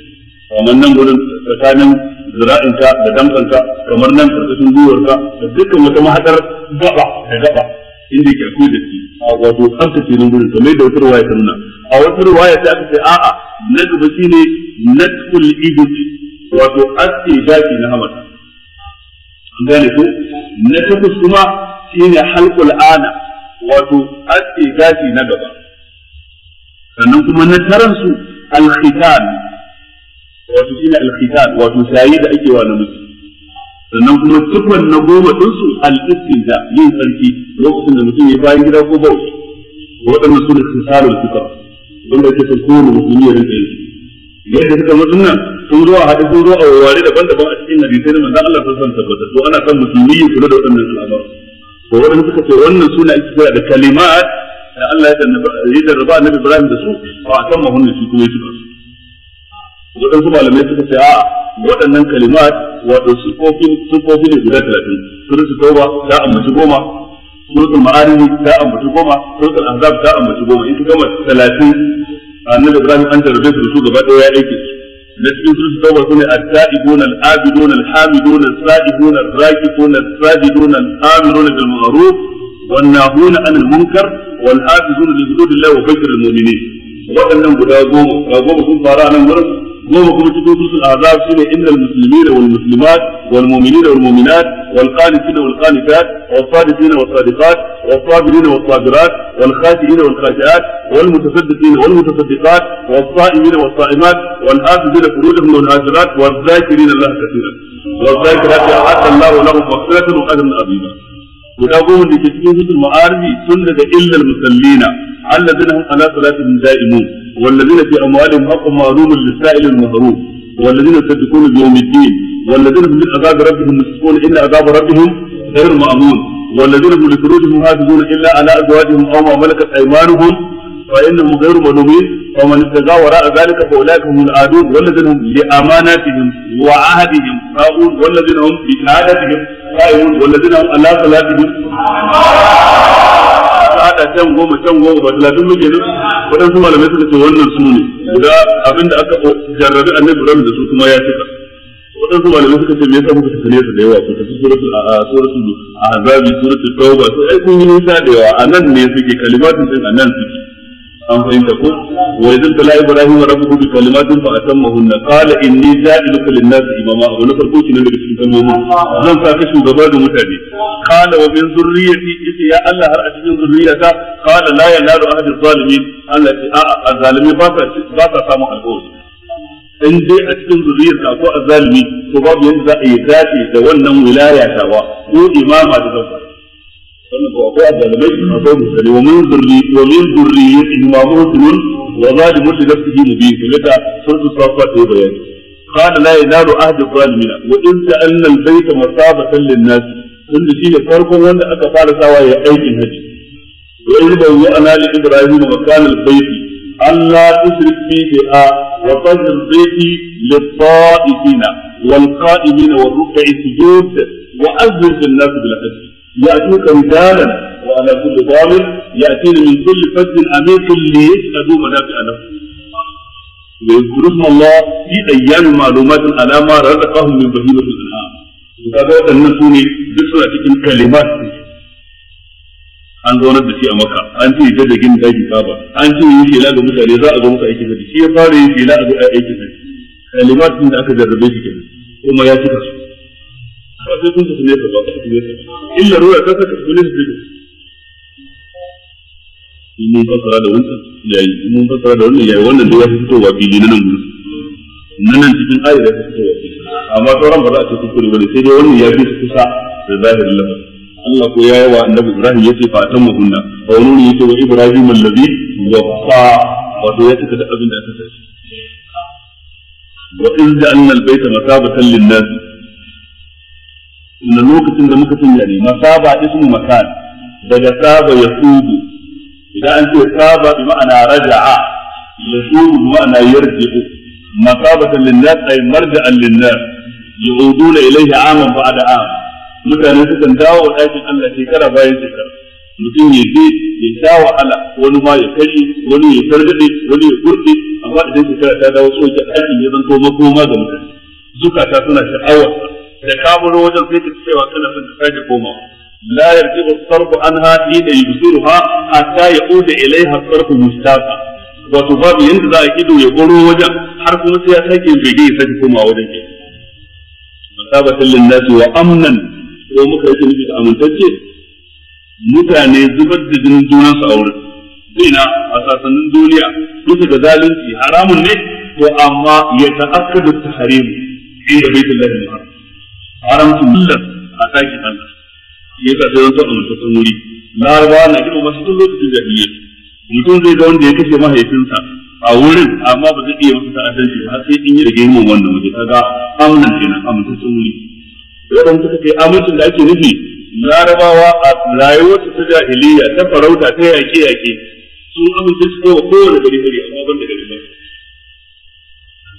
S1: kamar nan gurin tsakanin zira'inka da damkanka kamar nan karkashin gwiwarka da dukkan wata mahadar gaba da gaba inda yake akwai da shi wato tsabtace nan gurin kamar da wata ruwaya ta nuna a wata ruwaya ta ce a'a na gaba shine natkul ibn wato aske gashi na hamad an gane ko na takwas kuma shine halqul ana wato aske gashi na gaba sannan kuma na taran su alkhitan wato shine alkhitan wato shayi da ake wa namiji sannan kuma sifar na goma din su al-istinja yin sarki lokacin da mutum ya bayan gida ko bauta waɗannan su ne khisalul fitra wanda ke son kowane musulmi ya rinka yin yadda suka zo nan sun zo a haɗe sun zo a wurare daban-daban a cikin hadisai na manzon Allah sun san tabbata to ana kan musulmi ya kula da waɗannan al'amura to wannan suka ce wannan suna ake kira da kalimat da Allah ya jarraba annabi Ibrahim da su ba a san mahunnin shi kuma ya ci su waɗansu malamai suka ce a waɗannan kalimat wato sufofin sufofi ne guda talatin suratul tauba ta ambaci goma suratul ma'arij ta ambaci goma suratul ahzab ta ambaci goma in ka gama talatin annabi ibrahim an tarbe su da su gaba ɗaya ya aike su na cikin surutu tauba su ne at-ta'ibun al-abidun al-hamidun as-sa'ibun ar-raki'un as-sajidun al-amirun bil ma'ruf wan nahuna 'anil munkar wal hafizun li waɗannan guda goma sun nan gurin goma kuma cikin susul azab shine innal muslimina wal muslimat wal mu'minina wal mu'minat wal qanitina wal qanitat was sadiqina was sadiqat was sabirina was sabirat wal khashiina wal khashiat wal mutasaddiqina wal mutasaddiqat was sa'imina was sa'imat wal hafizina furujahum wal hafirat wal dhakirina Allah kathiran wal dhakirat a'adda Allah lahum maghfiratan wa ajran azima guda goma da ke cikin susul ma'arij sun daga illal musallina alladhina hum ala salatihim da'imun والذين في أموالهم حق معلوم للسائل المحروم والذين يصدقون بيوم الدين والذين من عذاب ربهم مشركون إن عذاب ربهم غير مأمون والذين هم لفروجهم حافظون إلا على أزواجهم أو ما ملكت أيمانهم فإنهم غير ملومين ومن ابتغى وراء ذلك فأولئك هم العادون والذين هم لأماناتهم وعهدهم راؤون والذين هم بشهادتهم قائمون والذين هم على صلاتهم hada can goma can goma ba talatin muke nan waɗansu malamai suka ce wannan su ne guda abin da aka jarrabi annabi Ibrahim da su kuma ya cika waɗansu malamai suka ce me yasa kuka tafi nesa da yawa ku tafi suratul suratul ahzabi suratul tauba sai ai kun yi nisa da yawa a nan ne suke kalimatun din nan suke an fahimta ko wa idan tala ibrahim rabbuhu bi kalimatin fa atammahun qala inni ja'iluka lin-nasi imama abu na farko kina daga cikin kalmomin zan sa ka shugaba da mutane qala wa min zurriyyati yace ya Allah har a cikin zurriyata qala la yanalu ahadu zalimin Allah ce a azalimi ba sa ba sa samun alƙawari in dai a cikin zuriyar ka ko azalimi to babu yanda za a yi dace da wannan wilaya tawa ko imama da zan ومن ومن ذريته ما مهتم وظالم لنفسه مبين لذا سورة الصافات بيان قال لا ينال أهد الظالمين وإن جعلنا البيت مثابة للناس إن شيء فرق وأن أكفال سواء أي منهج وإذ بوأنا لإبراهيم مكان البيت ألا تشرك فيه شيئا وطهر البيت للطائفين والقائمين والركع السجود وأذن الناس بالحج يأتوك رجالا وعلى كل ضامن يأتين من كل فج عميق ليشهدوا منافع لهم ويذكروا اسم الله في أيام معلومات على ما رزقهم من بهيمة الأنعام kaga waɗannan su ne duk an zaunar da shi a maka an ce ta da gini daji ba an ce yi shela ga mutane za a zo musu aikin da shi ya fara yi shela a zo aikin shi kalimat da aka jarrabe shi kenan kuma ya cika su إلا رؤية فتك تقوليها بجس من فترة لو انت يعني من فترة لو انت يعني وانا اللي واحد تتوى في ديننا نمو ننا انت من آية لا تتوى في أما تورم برأة تتوى في سيدي وانا يابيس تسع في ظاهر الله الله قويا يا نبي إبراهيم يتفع تمهن فولون يتوى إبراهيم الذي وفا وطويتك تأبن أتتك وإذ جعلنا البيت مثابة للناس da lokacin da muka sanya ne masaba ismu makan daga saba ya idan an ce saba bi ma'ana raja'a ya tubu bi ma'ana yarji'u masabatan linnas ay marja'an linnas yu'uduna ilayhi aman ba'da mutane sukan dawo wa ɗakin Allah shekara bayan shekara mutum ya je ya sha wahala wani ma ya kashe wani ya targaɗe wani ya gurɗe amma idan ta dawo so ya ɗakin makoma ga suna sha'awa. da kaburo wajen sai tafi cewa kana fi ta da komawa la yarji'u sarfu anha fi da yubsiruha hatta yauda ilaiha sarfu mustaqa wato babu yanda za a ido ya goro wajen har kuma sai ya sake bege ya sake koma wajen ke masabatan nasu wa amnan ko muka yi nufi da amintacce mutane zubar da jinin junansu a wurin zina a sassanin duniya duka da zalunci haramun ne to amma ya ta'akkadu tahrim inda baitul lahi muharram haramcin millar a sake Allah ya kasu sai a mutum wuri larabawa na gina masu tun lokacin jahiliya mutum zai ga wanda ya kashe mahaifinsa a wurin amma ba zai iya masa ta'addanci ba sai in yi da girman wanda mutum ga amnan kenan a mutum wuri yawan suka kai amincin da ake nufi larabawa a rayuwarsu ta jahiliya ta farauta ta yaƙe-yaƙe sun amince su wa kowane gari gari amma ban da gari ba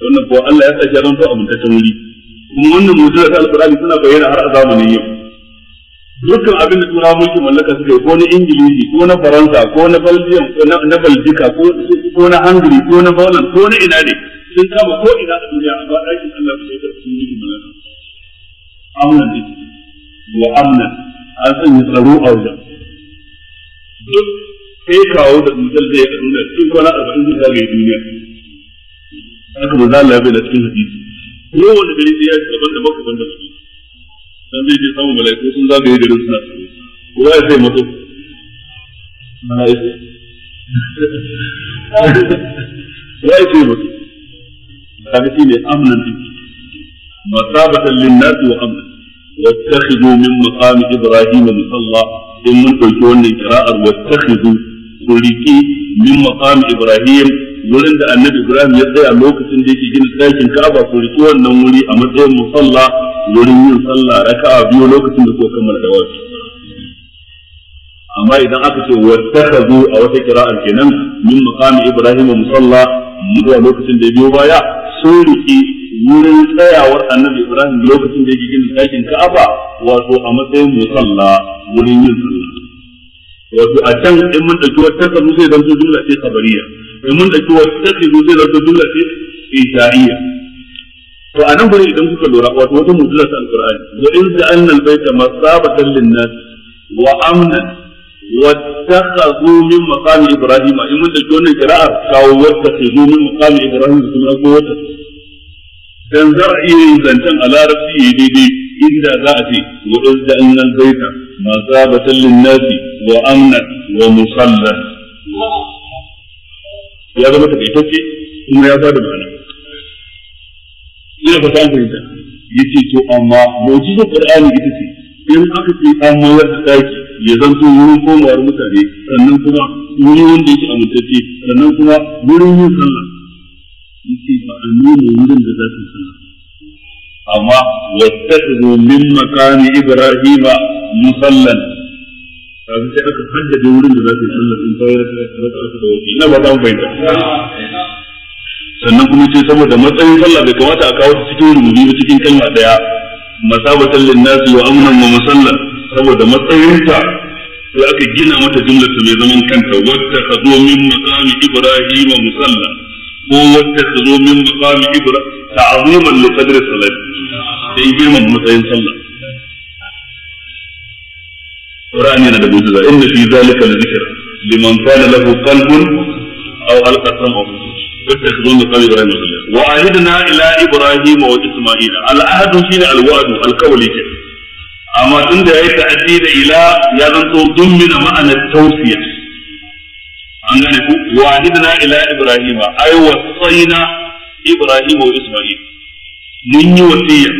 S1: wannan ko Allah ya sa shi a amintaccen wuri kuma wannan mu'jiza ta alqur'ani suna bayyana har a zamanin yau dukkan abin da turawa mulkin mallaka suka yi ko na ingilishi ko na faransa ko na belgium ko na baljika ko na hungary ko na poland ko na ina ne sun kama ko ina a duniya amma ɗakin allah ba sai da sun yi mallaka amnan ne wa amnan an san yi tsaro a wajen duk kai kawo da mutum zai yi a duniya cikin kwana arba'in zai zagaye duniya haka ba za a labe da cikin hadisi kowane gari ya yi daban da maka banda su dan zai je samun mala'iku sun zagaye garin suna su kowa ya sai mato mala'iku kowa ya sai mato kaga shi ne amnan din masabatan linnasi wa amnan واتخذوا من مقام ابراهيم مصلى ان من wannan kira'ar wattakhidhu kuliki min maqam ibrahim wurin da annabi Ibrahim ya tsaya lokacin da yake gina ɗakin Ka'aba ko riki wannan wuri a matsayin musalla wurin yin sallah raka'a biyu lokacin da suka kammala dawafi amma idan aka ce wattakhadhu a wata qira'ar kenan min maqami Ibrahim musalla zuwa lokacin da ya biyo baya sun riki wurin tsayawar annabi Ibrahim lokacin da yake gina ɗakin Ka'aba wato a matsayin musalla wurin yin sallah wato a can in mun dauki wata kazu sai dan jumla ce kabariya domin da kiwa tattakizu zai zarta jumla ce ijaiya to a nan gurin idan kuka lura wato wata mutula ta alqur'ani wa in ja'alna al-baita masabatan lin-nas wa amna wa wattakhadhu min maqam ibrahim in mun da wannan qira'ar kawo wata wattakhadhu min maqam ibrahim da kuma ko wata dan zar'i zantan a larabci yayi daidai inda za a ce wa in ja'alna al-baita masabatan lin-nas wa amna wa musallan ya zama takaitacce kuma ya da ma'ana ina fata an fahimta ce to amma da ƙar'ani ita ce in aka ce an mayar da ɗaki ya zanto wurin komawar mutane sannan kuma wuri wanda yake amintacce sannan kuma wurin yin sallah ce ba a nuna wurin da za su sallah amma wattakhidhu min makani ibrahima musallan kafin sai aka haddade wurin da za su yi sallar sun kawai rasa aka da wuce ina ba za mu bayyana sannan kuma ce saboda matsayin sallah bai kamata a kawo cikin rubutu ba cikin kalma daya masabatan linnasi wa amnan wa musallan saboda matsayinta sai aka gina mata jumlar ta mai zaman kanta wata ka zo min maqami ibrahim musalla ko wata ka zo min maqami ibrahim azuman li qadri salati sai mun matsayin sallah Qur'ani yana da mu'jiza inna fi zalika la zikra liman kana lahu qalbun aw alqa sam'a من قبل ابراهيم وسلم وعهدنا الى ابراهيم واسماعيل العهد شين الوعد القولي كده اما تند يا تعدي ده الى ضمن معنى التوصيه an gane ku wa'idna ila ibrahima ay wasaina ibrahima wa isma'il mun yi wasiya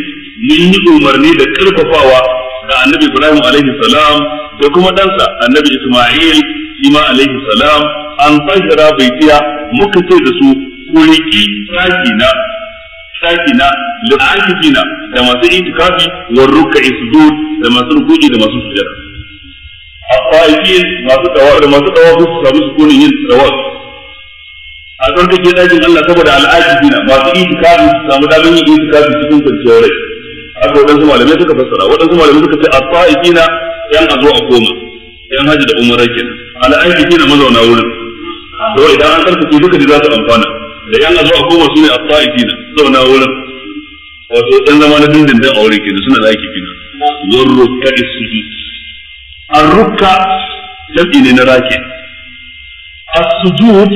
S1: mun yi umarni da karfafawa ga annabi Ibrahim alaihi salam da kuma ɗansa annabi Ismail shi ma alaihi salam an tsahira baitiya muka ce da su ku riƙi sakina sakina la'akifina da masu itikafi wa rukka'i sujud da masu rukuki da masu sujada afaifin masu tawafi da masu tawafi su samu sukunin yin tawafi a tsarkake ɗakin Allah saboda al'ajibina masu itikafi su samu damar yin itikafi cikin kwanciyar rai haka waɗansu malamai suka fassara waɗansu malamai suka ce at-ta'ifina yan zo a koma yan haji da umar rake, ala aiki kina mazauna wurin to idan an karkace duka za su amfana da yan zo a koma su sune at-ta'ifina zauna wurin wato ɗan zama na dindindin a wurin kenan suna da aiki kina warruka ji a rukka jam'i ne na rake. a sujud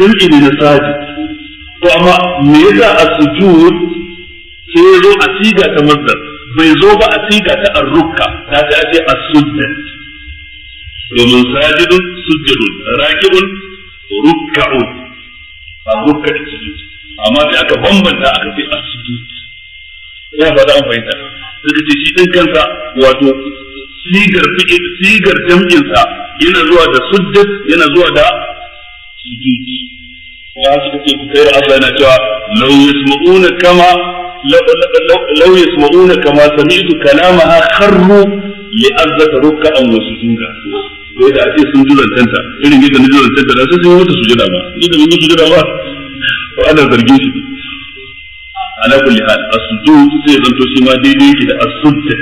S1: jam'i ne na sajid to amma me yasa a sujud sai ya zo a siga ta mazdar bai zo ba a siga ta arruka ta ta ce a sujud domin sajidun sujudun raki'un rukka'un arrukka da sujud amma sai aka bambanta aka ce a sujud ya ba an fahimta suka ce shi din kansa wato sigar sigar jam'in sa yana zuwa da sujud yana zuwa da sujud ya suka ce kai Allah yana cewa law yasma'una kama لو يسمعون كما سمعت كلامها خروا لأرضك ركعا وسجودا wai da ake sun ji zancenta irin yadda na ji zancenta da sai sun yi ba yadda ban yi ba ko ana zargin shi ala kulli hal asdu sai ma daidai yake da asudda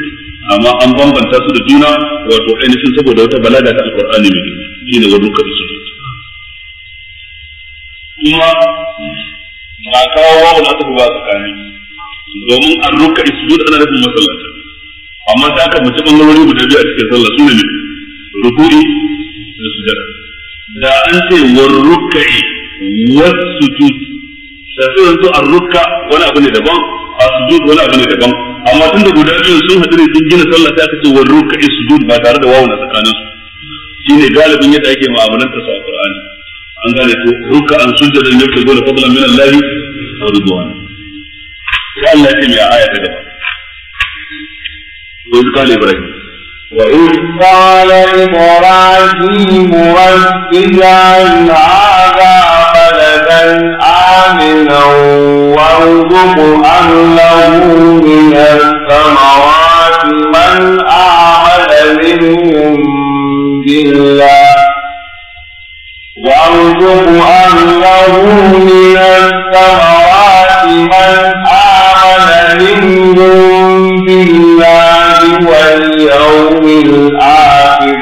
S1: amma an bambanta su da juna wato ainihin saboda wata balaga ta alqur'ani mai shi ne waduka da sujud kuma ba kawo wawul asbu ba tsakanin domin an ruka sujud ana nufin masallata amma ta aka mace bangarori guda biyu a cikin sallah su ne rukuri da sujud da an ce war ruka'i was sujud da sai an ruka wani abu ne daban a sujud wani abu ne daban amma tun da guda biyu sun haɗu ne sun gina sallah ta aka ce war ruka'i sujud ba tare da tsakanin su tsakaninsu shine galibin yadda ake ma'amalan sa a Qur'ani an gane ko ruka an sujud da yake gole fadlan min Allah wa ridwan sai Allah ya ce mai aya ta gaba wa qala ibrahim
S2: wa in qala ibrahim rabbi ij'al hadha baladan aminan warzuq ahlahu min الثمرات من آمن منهم بالله وارزق أهله من الثمرات من بالله واليوم الآخر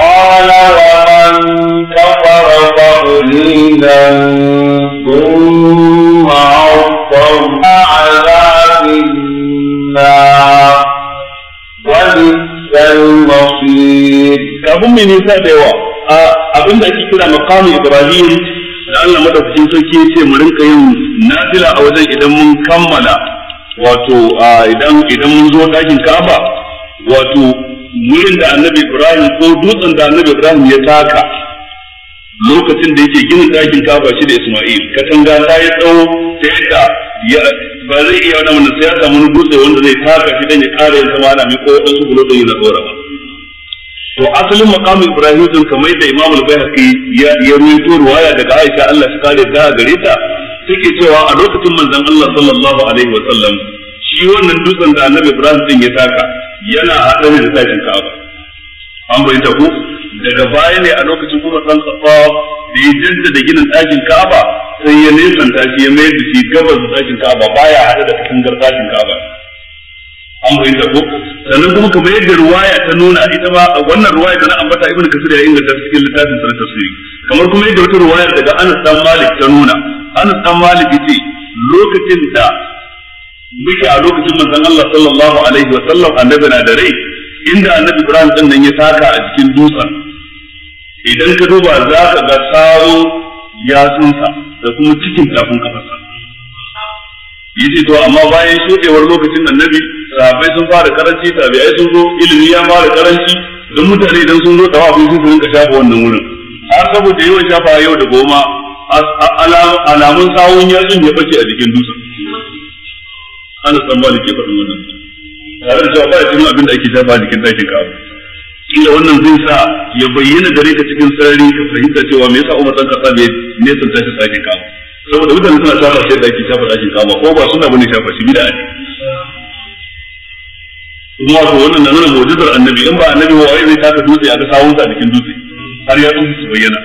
S2: قال ومن كفر تقليلا ثم عظم عذاب النار وبئس المصير كابون
S1: من يسأل abin da ake kira makamu ibrahim da Allah madaukakin sarki ya ce mu rinka yin nafila a wajen idan mun kammala wato idan idan mun zo dakin Ka'aba wato wurin da Annabi Ibrahim ko dutsen da Annabi Ibrahim ya taka lokacin da yake ginin dakin Ka'aba shi da Isma'il katanga ta yi tsawo ta yadda ya ba zai iya wani wanda sai ya samu wani dutse wanda zai taka shi dan ya kare yin zama ana mai ko su bulo da yana tsora ba to asalin mukamin Ibrahim din kamar da Imam al-Baihaqi ya ya ruwaya daga Aisha Allah ta kare ta gare ta take cewa a lokacin manzon Allah sallallahu alaihi wa sallam shi wannan dutsen da Annabi Ibrahim din ya taka yana haɗe da tashin Ka'aba an bayyana ko daga baya ne a lokacin kuma san tsafa da ya jinta da ginin tashin Ka'aba sai ya ta shi ya mayar da shi gabar da tashin Ka'aba baya haɗe da katangar tashin Ka'aba an bai da sannan kuma kamar yadda ruwaya ta nuna ita ba wannan ruwaya da na ambata ibnu kasir ya inganta cikin littafin sa tafsiri kamar kuma yadda wata ruwayar daga Anas dan Malik ta nuna Anas dan Malik yace lokacin da muke a lokacin manzon Allah sallallahu alaihi wa sallam annabi na da rai inda annabi Ibrahim din nan ya saka a cikin dutsen idan ka duba za ka ga sawo yatsunsa da kuma cikin tafin kafarsa ce to amma bayan shudewar lokacin annabi sahabbai sun fara karanci tabi'ai sun zo ilimi ya fara karanci don mutane idan sun zo dawa abin sun rinka shafa wannan wurin har saboda yawan shafa yau da goma alamun sawun yatsun ya bace a jikin dutsen ana san ba ke faɗin wannan tare da cewa ba a cikin abin da ake shafa a jikin ɗakin ka'aba kila wannan zai sa ya bayyana gare ka cikin sarari ka fahimta cewa me yasa Umar dan Khattab ya nesanta shi ɗakin ka'aba saboda mutane suna shafa shi da ake shafa ɗakin kama ko ba suna bane shafa shi bid'a ne kuma wato wannan na nuna mu'jizar annabi in ba annabi ba wai zai taka dutse a ga sawun sa cikin dutse har ya tsufi su bayyana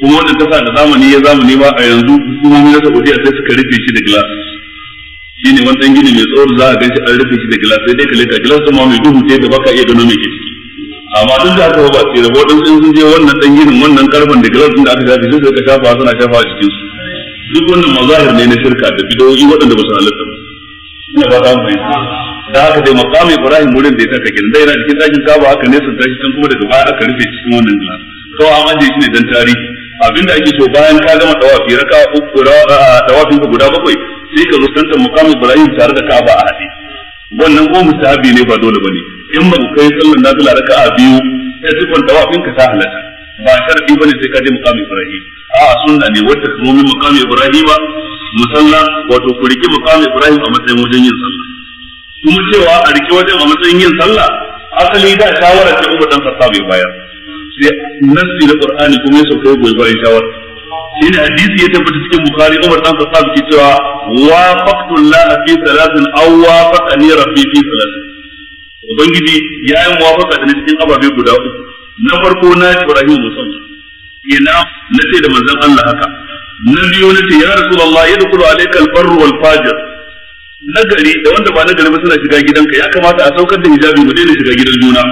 S1: kuma wannan ta sa da zamani ya zamani ba a yanzu hukumomi na Saudiya sai suka rufe shi da glass shine wani dan gini mai tsoro za a shi an rufe shi da glass sai dai ka leka glass ma mai duhu sai da baka iya gano mai ke ciki amma duk da aka ba tsira ba dan sun je wannan dan yin wannan karban da glass da aka shafi sai suka shafa suna shafa a jikin su duk wannan mazahir ne na shirka da bidoyi waɗanda ba su halatta ba
S3: ina ba ka mai
S1: da haka dai maqami ibrahim wurin da ya taka kin dai na cikin dakin kaba haka ne sun tashi can kuma daga baya aka rufe cikin wannan glass to amma shi ne dan tarihi abinda ake so bayan ka gama tawafi raka uku tawafin ka guda bakwai sai ka tantan maqami ibrahim tare da kaba a hade wannan ko mustahabi ne ba dole bane in ba kai sallan na nafila raka'a biyu sai sifan tawafin ka ta halatta ba sharadi bane sai ka je muqami ibrahim a sunna ne wata kuma min muqami ibrahima musalla wato ku riki muqami ibrahim a matsayin wajen yin sallah kuma cewa a riki wajen a matsayin yin sallah asali da shawara ce umar dan khattab ya bayar sai nassi da qur'ani kuma ya sauka goyi bayan shawara shine hadisi ya tabbata cikin bukhari umar dan khattab ke cewa wafaqtu allaha fi salatin aw wafaqani rabbi fi salatin ubangiji ya yi muwafaka da cikin ababe guda uku na farko na yi Ibrahim musamman ina na ce da manzon Allah haka na biyu na ce ya rasulullah yadkhulu alayka al-barru wal fajir nagari da wanda ba nagari ba suna shiga gidanka ya kamata a saukar da hijabi mu daina shiga gidan juna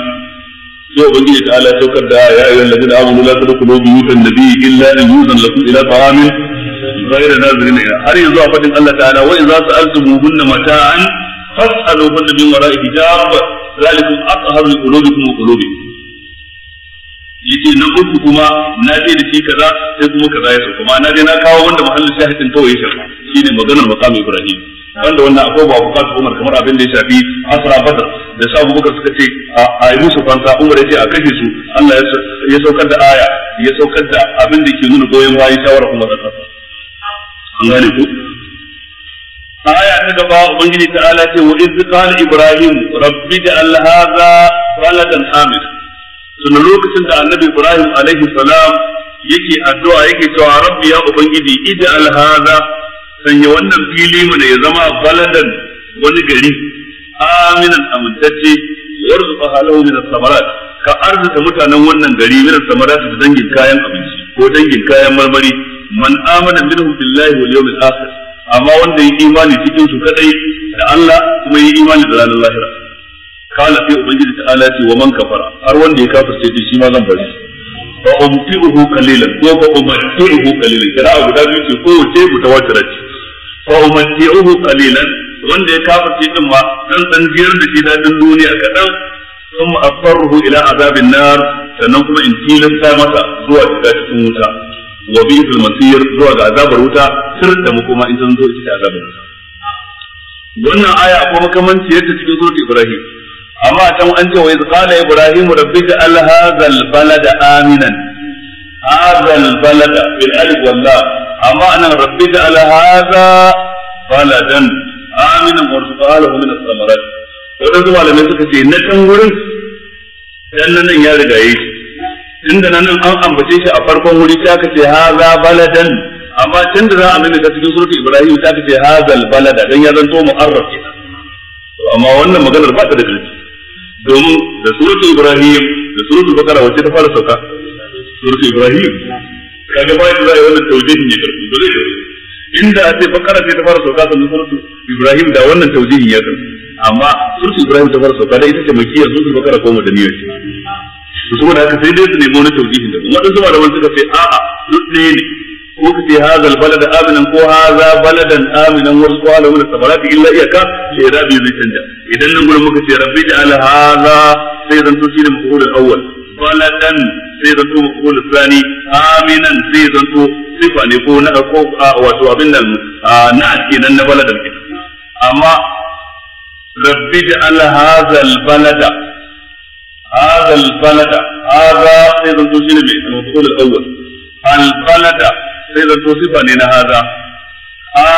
S1: sai ubangiji ta ala saukar da ya ayyuhal ladina amanu la tadkhulu buyutan nabiyyi illa an yuzan lakum ila ta'amin غير ناظرين إلى هل يزوى فتن الله تعالى وإذا سألتموهن متاعا فاسألوهن من وراء حجاب zalikum aqharu li qulubikum wa qulubikum yace na uku kuma na ce da shi kaza sai kuma kaza ya kuma na dai na kawo wanda mahallin shahidin to yake shafa shine maganar maqam ibrahim wanda wannan akwai ba bukatu umar kamar abin da ya shafi asra badar da sa abubakar suka ce a yi musu kwanta umar yace a kashe su Allah ya saukar da aya ya saukar da abin da ke nuna goyen bayan shawara kuma da kasa an gane ku a aya ta gaba ubangiji ta ce wa iz qala ibrahim rabbi da al baladan amin tun lokacin da annabi ibrahim alaihi salam yake addu'a yake cewa rabbi ya ubangiji ida alhaza hadha wannan fili mu ya zama baladan wani gari aminan amintacce warzuqa halahu min as-samarat ka arzika mutanen wannan gari min as-samarat da dangin kayan abinci ko dangin kayan marmari man amana minhum billahi wal yawmil amma wanda yi imani cikin su kadai da Allah kuma yi imani da ranar lahira kana sai ubangiji ta ala ce wa man kafara har wanda ya sai shi ma zan bari fa umtihu qalilan ko fa umtihu qalilan kira abu da zuci ko wace wata race fa umtihu qalilan wanda ya sai din ma dan dan jiyar da shi dadin duniya kadan sun ma'afarruhu ila azabin nar sannan kuma in tilanta masa zuwa shiga cikin wuta wa bi'sal masir zuwa ga azabar wuta sir da makoma in san zo ita azabar wuta wannan aya akwai makamanci yadda cikin surat ibrahim amma a can an ce wa iz ibrahim rabbi al hadha balada aminan hadha balada bil alif wal lam amma anan rabbi al hadha baladan aminan warzuqa lahu min as-samarat wadansu malamai suka ce na kan gurin dan nan ya riga shi. inda nan an ambace shi a farkon wuri ta kace ce haza baladan amma can da za a maimaita cikin surutu ibrahim ta kace haza hazal balada dan ya zanto mu'arraf kenan to amma wannan maganar ba ta da ƙarfi domin da surutu ibrahim da surutu bakara wacce ta fara sauka surutu ibrahim kaga ba yadda za a yi wannan taujihin ya karfi ba zai karfi inda a ce bakara sai ta fara sauka sannan surutu ibrahim da wannan taujihin ya karfi amma surutu ibrahim ta fara sauka da ita ce makiyar surutu bakara ko madaniyar saboda haka sai dai su nemi wani taujihin da waɗansu malaman suka ce a'a duk ɗaya ne ko ka ce hazal balada aminan ko haza baladan aminan wasu kwalo wani sabarati illa iyaka sai rabi zai canja idan nan gurin muka ce rabbi da ala haza sai zanto shi ne mafulul awwal baladan sai zanto mafulul sani aminan sai zanto sifa ne ko na ko wato abin nan na kenan na baladan amma rabbi da ala hazal balada هذا البلد هذا سيد التوسيل به المفعول الأول البلد سيد التوسيل لنا هذا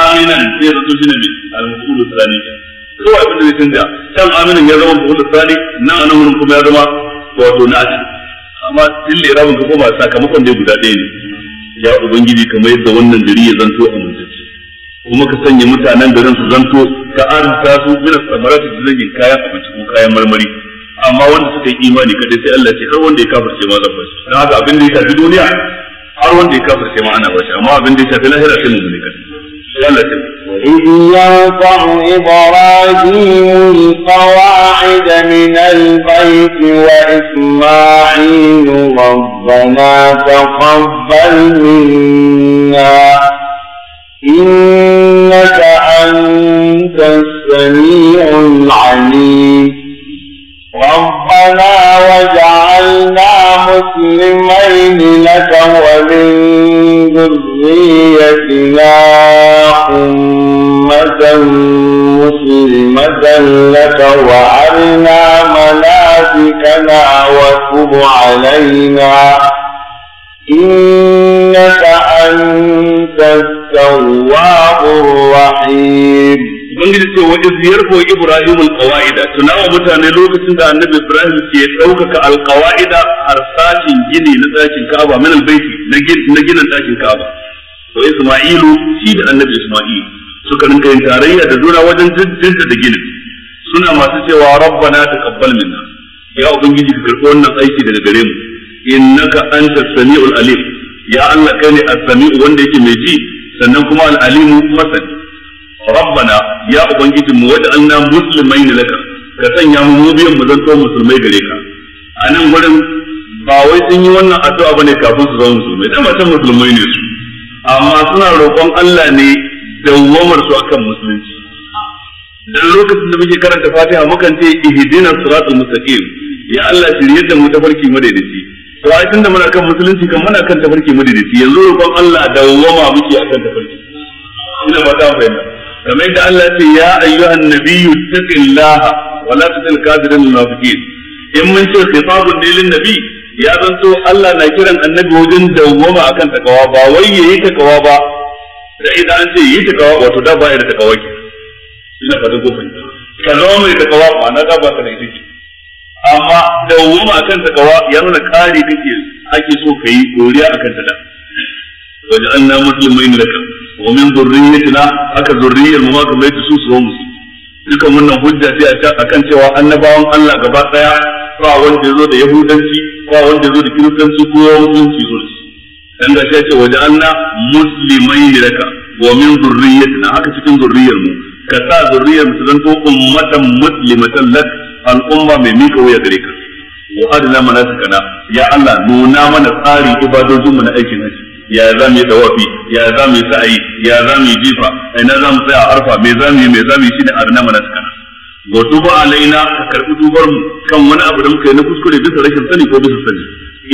S1: آمنا سيد التوسيل به المفعول الثاني هو ابن ذي تنجا كم آمنا يا زمان الثاني نعم من كما يا زمان ناجي أما din رابن كفوما ساكا مقن دي guda يا ne ya ubangiji kamar yadda wannan gari ya zanto kuma ka sanya mutanen garin su zanto ka arzuta su mina samarar da zai yi kayan abinci ko kayan marmari amma wanda suka yi imani kadai sai Allah ce har wanda ya kafirce ma zan bashi dan haka abin da ya shafi duniya har wanda ya kafirce ma ana bashi amma abin da ya shafi lahira sai mu gane kadai
S2: إذ يرفع إبراهيم القواعد من البيت وإسماعيل ربنا تقبل منا إنك أنت السميع العليم ربنا وجعلنا مسلمين لك ومن ذريتنا أمة مسلمة لك وأرنا مناسكنا وتب علينا إنك أنت
S1: التواب الرحيم ubangiji ce wa iz yarfu ibrahim wa tunawa mutane lokacin da annabi ibrahim ke daukaka alqawaida har sashin gini na dakin kaaba min albayti na ginin dakin kaaba to isma'ilu shi da annabi isma'il suka rinka yin tarayya da juna wajen jinta da ginin suna masu cewa rabbana taqabbal minna ya ubangiji ka karbi wannan aiki daga gare mu innaka anta samiul alim ya allah kai ne as-sami'u wanda yake mai ji sannan kuma al-alimu masani rabbana ya ubangiji mu waj'alna ne laka ka sanya mu mu biyan mu zanto musulmai gare ka anan gurin ba wai sun yi wannan addu'a bane kafin su zama musulmai dan mata musulmai ne su amma suna roƙon Allah ne dawwamar su akan musulunci dan lokacin da muke karanta Fatiha mukan ce ihdina siratal mustaqim ya Allah shirye da mu tafarki madaidaici to ai tunda muna kan musulunci kan muna kan tafarki madaidaici yanzu roƙon Allah dawwama muke akan tafarki ina ba ta fahimta kamar da Allah ya ce ya ayyuhan nabiyyu taqillaha wa la tutil kafirin munafiqin in mun ce khitabun ne lin nabi ya zanto Allah na kiran annabi wajen dawwama akan takawa ba wai yayi takawa ba da idan an ce yi takawa wato da ba ya takawa ke ina fatan ko fahimta ka zama mai takawa ma'ana da ba ka da ita amma dawwama akan takawa ya nuna kare kake ake so ka yi doriya akan ta da wajen an na musulmai da kanka wa min zurriyyatina haka zurriyyar mu ma ka bai su su musu dukan wannan hujja ce akan cewa annabawan Allah gaba daya ba wanda yazo da yahudanci ba wanda yazo da kiristanci ko musulunci zo shi dan da sai ce waja'alna muslimain laka wa min zurriyyatina haka cikin zurriyar mu ka sa zurriyar mu zanto ummatan muslimatan lak al'umma mai mika wuya gare ka wa adna manasikana ya Allah nuna mana tsarin ibadojin mu na aikin haji ya za mu yi dawafi ya za mu yi sa'ayi ya za mu yi jifa ina za mu tsaya arfa me za mu yi me za mu yi shine arna mana suka wa tuba alaina ka karbi dubar mu kan wani abu da muka yi na kuskure bisa rashin sani ko bisa sani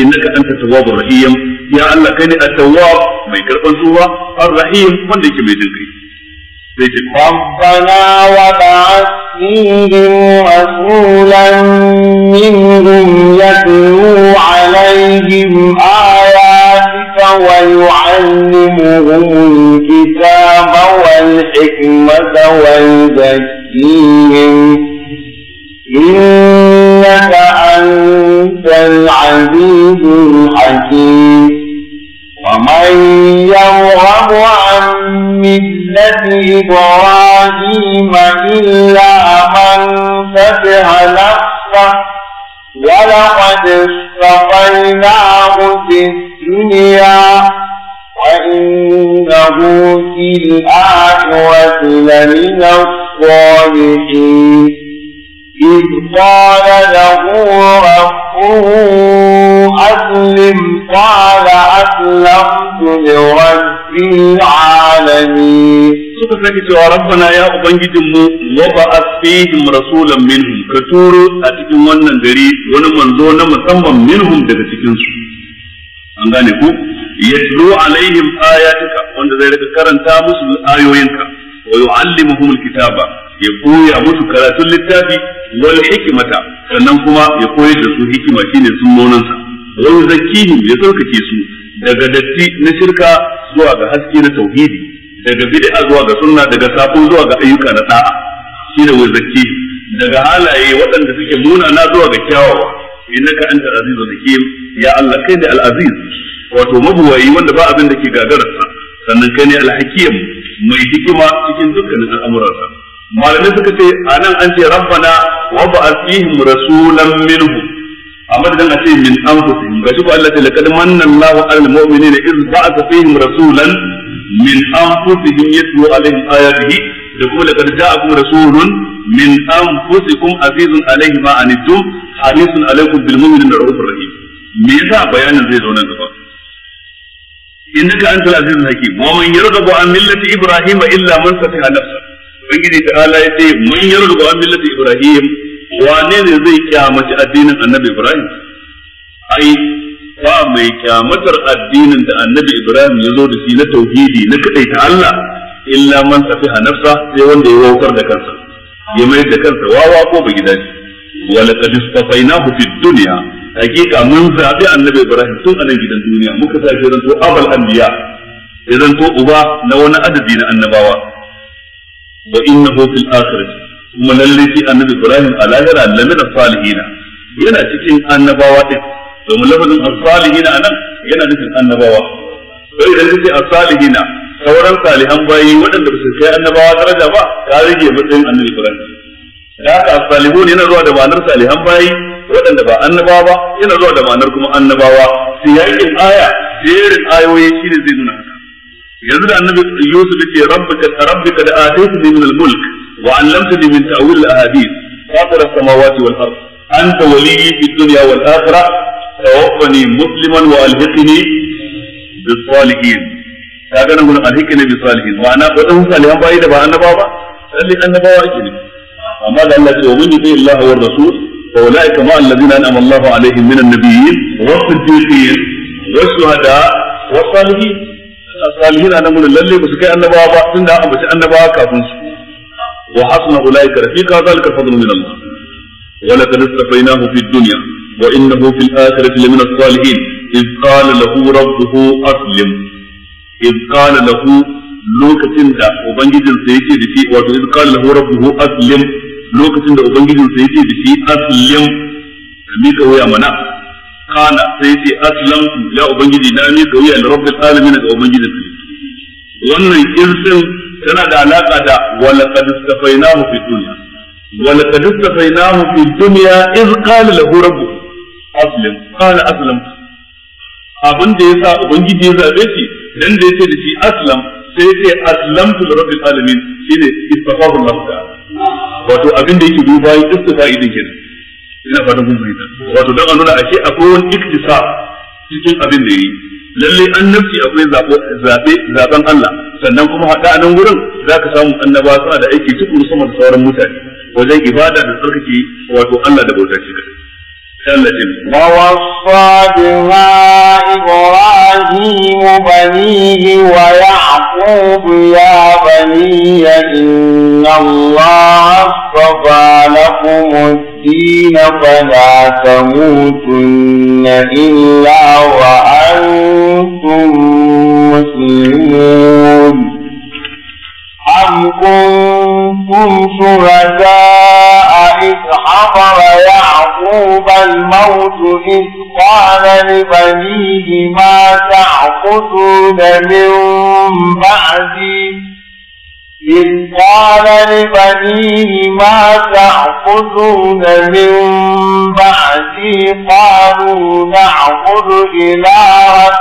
S1: innaka anta tawwabur rahim ya Allah kai ne at-tawwab mai karban tuba ar-rahim wanda yake mai jinkai sai ce rabbana wa ba'ath
S2: fihim rasulan minhum yatlu alaihim ayat ويعلمهم الكتاب والحكمة ويزكيهم إنك أنت العزيز الحكيم ومن يرغب عن ملة إبراهيم إلا من فتح نفسه ولقد اصطفيناه في الدنيا وإنه في الآخرة لمن الصالحين إذ قال له ربه أسلم قال أسلمت لرب
S1: العالمين suka cewa rabbana ya ubangijinmu wa a fihim rasulan minhum ka turo a cikin wannan gari wani manzo na musamman minhum daga cikin an gane ku yatlu alaihim ayatuka wanda zai rika karanta musu ayoyinka wa yu'allimuhum alkitaba ya koya musu karatun littafi wani hikmata sannan kuma ya koyar da su hikima shine sunnoninsa wa yuzakkihim ya tsarkake su daga datti na shirka zuwa ga haske na tauhidi daga bid'a zuwa ga sunna daga sako zuwa ga ayyuka na da'a shine wa zakki daga halaye waɗanda suke nuna na zuwa ga kyawawa innaka anta azizul hakim ya Allah kai ne al-aziz wato mabuwayi wanda ba abin da ke gagararsa sannan kai ne al-hakim mai hikima cikin dukkanin al'amuransa malamai suka ce anan an ce rabbana wa ba'ath fihim rasulan minhum a madadin a ce min anfusihim gashi ko Allah ta laqad manna Allahu 'alal mu'minina iz ba'atha fihim rasulan min anfusihim yatlu 'alaihim ayatihi da kuma laqad ja'akum rasulun min anfusikum azizun 'alaihi ma anittum harisun 'alaikum bil mu'minina ra'ufur me yasa bayanin zai zo nan gaba an antal zai zaki wa man yarghabu an millati ibrahim illa man sataha nafsa ubangiji ta ala yace man yarghabu an millati ibrahim wane ne zai kyamaci addinin annabi ibrahim ai ba mai kyamatar addinin da annabi ibrahim ya zo da shi na tauhidi na kadai ta Allah illa man sataha nafsa sai wanda ya waukar da kansa ya mai da kansa wawa ko bai gidaje wa laqad istafaynahu fid dunya hakika mun zabi annabi ibrahim tun anan gidan duniya muka sa shi zanto abal anbiya ya zanto uba na wani adadi na annabawa wa innahu fil akhirati kuma lalle shi annabi ibrahim a lahira lamina salihina yana cikin annabawa din domin lafazin as-salihina anan yana nufin annabawa sai idan kace as-salihina sauran salihan bayi waɗanda ba su kai annabawa daraja ba ka rage matsayin annabi ibrahim da haka salihun yana zuwa da ma'anar salihan bayi waɗanda ba annaba ba yana zuwa da ma'anar kuma annabawa siyakin aya jerin ayoyi shine zai nuna yanzu da annabi Yusuf yake rabbika rabbika da ataytani min al-mulk wa 'allamtani min ta'wil al-ahadith fatir as-samawati wal ard anta waliyyi fid dunya wal akhirah tawaffani musliman wa alhiqni bis salihin kaga nan gurin alhiqni bis salihin ma'ana wadannan salihan bai da ba annabawa ba lalle annabawa yake ne amma da Allah ya ce wa min yuti Allah wa rasul وأولئك مع الذين أنعم الله عليهم من النبيين والصديقين والشهداء والصالحين الصالحين أنا من اللي بس كأن بابا تندع بس أن بابا كافنس وحسن أولئك رفيقا ذلك الفضل من الله ولقد استفيناه في الدنيا وإنه في الآخرة لمن الصالحين إذ قال له ربه أسلم إذ قال له lokacin da ubangijinsa yake da shi wato iz qala lahu rabbuhu aslim lokacin da ubangijin sai ce da shi aslim ka mika wuya mana kana sai ce aslam ya ubangiji na mika wuya da rabbil alamin da ubangijin wannan irsin tana da alaka da walaqad istafainahu fi dunya walaqad istafainahu fi dunya iz qala lahu rabbuh aslam qala aslam abin da ya sa ubangiji ya zabe shi dan da yace da shi aslam sai ce aslamtu lirabbil alamin shine istafahu Allah ta'ala wato abin da yake yi bayan istisai din kenan ina fata kun fahimta wato dan a nuna akwai wani iktisa cikin abin da yayi lalle annabci akwai zabo zabe Allah sannan kuma hada a nan gurin zaka samu annabawa suna da aiki tukuru sama da sauran mutane wajen ibada da tsarkake wato Allah da bauta shi kadai ووصى
S2: بها إبراهيم بنيه ويعقوب يا بني إن الله اصطفى لكم الدين فلا تموتن إلا وأنتم مسلمون أم كنتم شهداء إذ حضر يعقوب الموت إذ قال لبنيه ما تعبدون من بعدي إذ قال لبنيه ما تعبدون من بعدي قالوا نعبد إلهك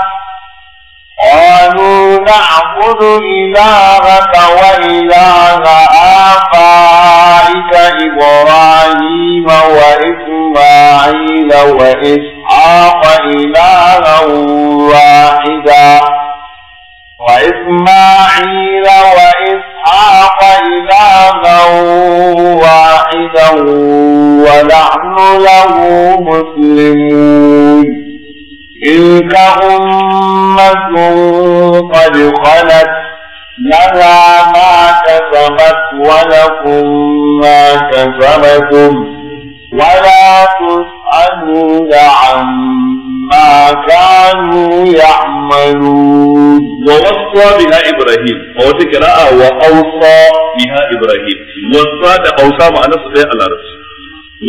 S2: قالوا نعبد إلهك وإله آبائك إبراهيم وإسماعيل وإسحاق إلها واحدا وإسماعيل وإسحاق إلها واحدا ونحن له مسلمون تلك أمة قد خلت لها ما كسبت ولكم ما كسبتم ولا تسألون عما
S1: كانوا يعملون ووصى بها إبراهيم أو تكراء وأوصى بها إبراهيم وصى أوصى معنى صحيح على رأسه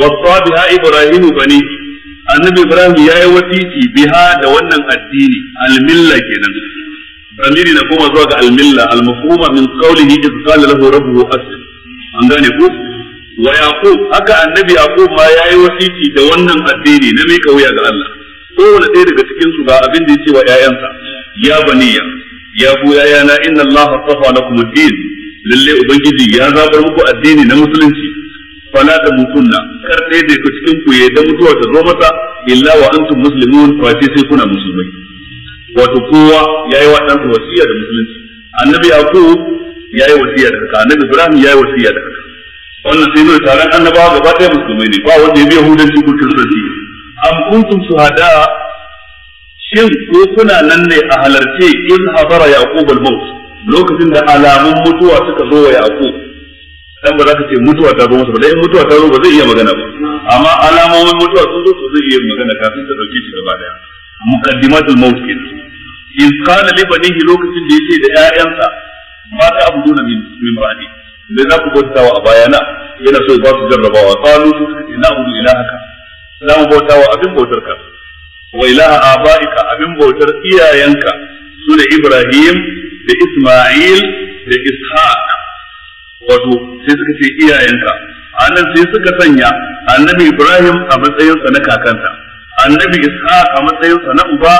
S1: وصى بها إبراهيم بنيه annabi ibrahim ya yi wasiki biha da wannan addini almilla kenan dalili na koma zuwa ga almilla almafhuma min qawlihi idh qala lahu rabbuhu aslim an gane ku wa yaqub haka annabi yaqub ma ya yi wasiki da wannan addini na mika ga Allah kowane ɗaya daga cikin su ga abin da ya ce wa ƴaƴansa ya baniya ya bu inna din ubangiji ya zabar muku addini na musulunci fala da mutunna kar ɗaya da ku cikin ku ya da mutuwa ta zo masa illa wa antum muslimun fa sai kuna musulmai wato kowa yayi wa dan wasiya da musulunci annabi yaqub yayi wasiya da haka annabi ibrahim yayi wasiya da haka wannan sai ne taron annabawa gaba ɗaya musulmai ne ba wanda ya bi yahudanci ko kristanci am kuntum shuhada shin ko kuna nan ne a halarce in hazara yaqub al-maut lokacin da alamun mutuwa suka zo wa yaqub dan ba za ka ce mutuwa ta zo masa ba dai mutuwa ta zo ba zai iya magana ba amma alamomin mutuwa sun zo to zai iya magana kafin ta dauke shi gaba daya muqaddimatul maut ke in qala li banihi lokacin da yace da ƴaƴansa ba ta abu min min ba'di da za ku bauta wa bayana yana so ba su jarrabawa qalu inna hu ilahaka za mu bauta wa abin bautar ka wa ilaha abaika abin bautar iyayenka su da Ibrahim da Isma'il da Ishaq wato sai suka ce iyayenka anan sai suka sanya annabi Ibrahim a matsayinsa na kakanta, annabi Ishaq a matsayinsa na uba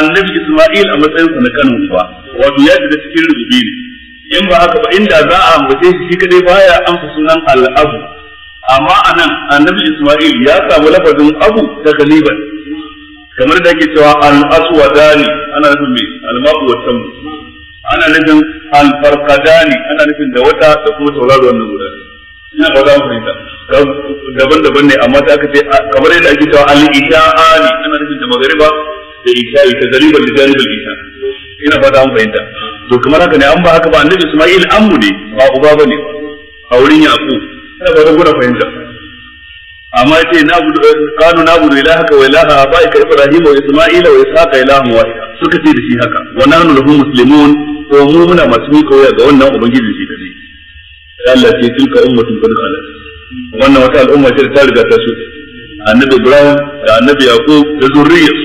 S1: annabi Isma'il a matsayinsa na kanin uba wato ya shiga cikin rububi ne in ba haka ba inda za a ambace shi kadai baya amsa sunan al'abu amma anan annabi Isma'il ya samu lafazin abu ta galiban kamar da ake cewa wa dani ana nufin mai, al wa tamu ana nufin alfarkadani ana nufin da wata da kuma tauraro wannan guda ina ba za mu fahimta daban-daban ne amma ta aka ce kamar yadda ake cewa al-isha'ani ana nufin da magariba da isha'i ta gariban da janibul isha ina fata an fahimta to kamar haka ne an ba haka ba annabi Isma'il amu ne ba uba ba ne a wurin Yaqub ina za mu fahimta amma ya na eh, kanu na budu ilahaka wa ilaha abaika Ibrahim wa isma'ila wa isaka ilahan wahid suka ce da shi haka wa na lahu muslimun ko mu muna masu miƙa wuya ga wannan ubangiji shi kadai Allah ce tilka ummatun qad khalat wannan wata al'umma ce ta riga ta shuɗe annabi Ibrahim da annabi Yaqub da zurriyar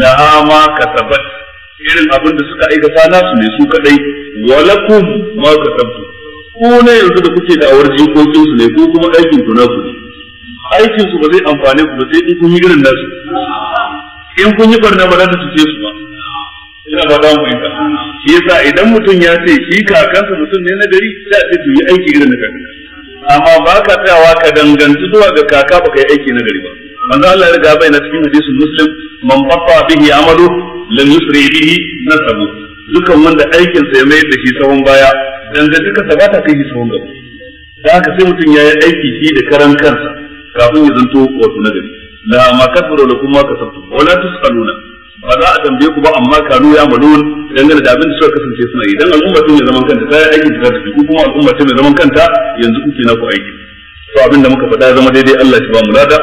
S1: laha ma katabat irin abin da suka aikata nasu ne su kadai walakum ma katabtu Ko ne yanzu da kuke da awar jikokin su ne ko kuma aikin ku na ku ne aikin su ba zai amfane ku ba sai in kun yi irin nasu in kun yi barna ba za ta tuce su ba ina ba fahimta shi yasa idan mutum ya ce shi kakansa mutum ne na gari sai a ce to yi aiki irin na gari amma ba ka tsayawa ka danganci zuwa ga kaka ba ka yi aiki na gari ba manzo Allah ya riga bai na cikin hadisin muslim man fatta bihi amalu lam yusri bihi nasabu dukan wanda aikin sa ya mai da shi sahun baya dangantaka sa ba ta kai shi sahun gaba da haka sai mutum ya yi aiki shi da karan kansa kafin ya zanto wato na gari la ma kafaru lakum ma kasabtum wala tusaluna ba za a tambaye ku ba amma kanu ya malun dangane da abin da suka kasance suna yi dan al'umma ce zaman kanta ta yi aikin da ku kuma al'ummatin ya zaman kanta yanzu kuke na ku aiki to abin da muka faɗa zama daidai Allah shi ba mu lada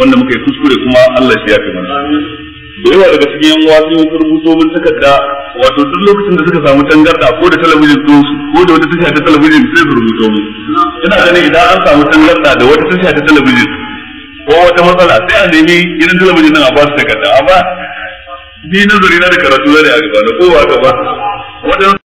S1: wanda muka yi kuskure kuma Allah shi ya fi mana da yawa daga cikin yan wasu sun rubuto mun takarda wato duk lokacin da suka samu tangarda ko da talabijin din su ko da wata tasha ta talabijin sai su rubuto mu ina ganin idan an samu tangarda da wata tasha ta talabijin ko wata matsala sai a nemi irin talabijin nan a ba su takarda amma ni nazari na da karatu na ne a gaba da kowa gaba waɗansu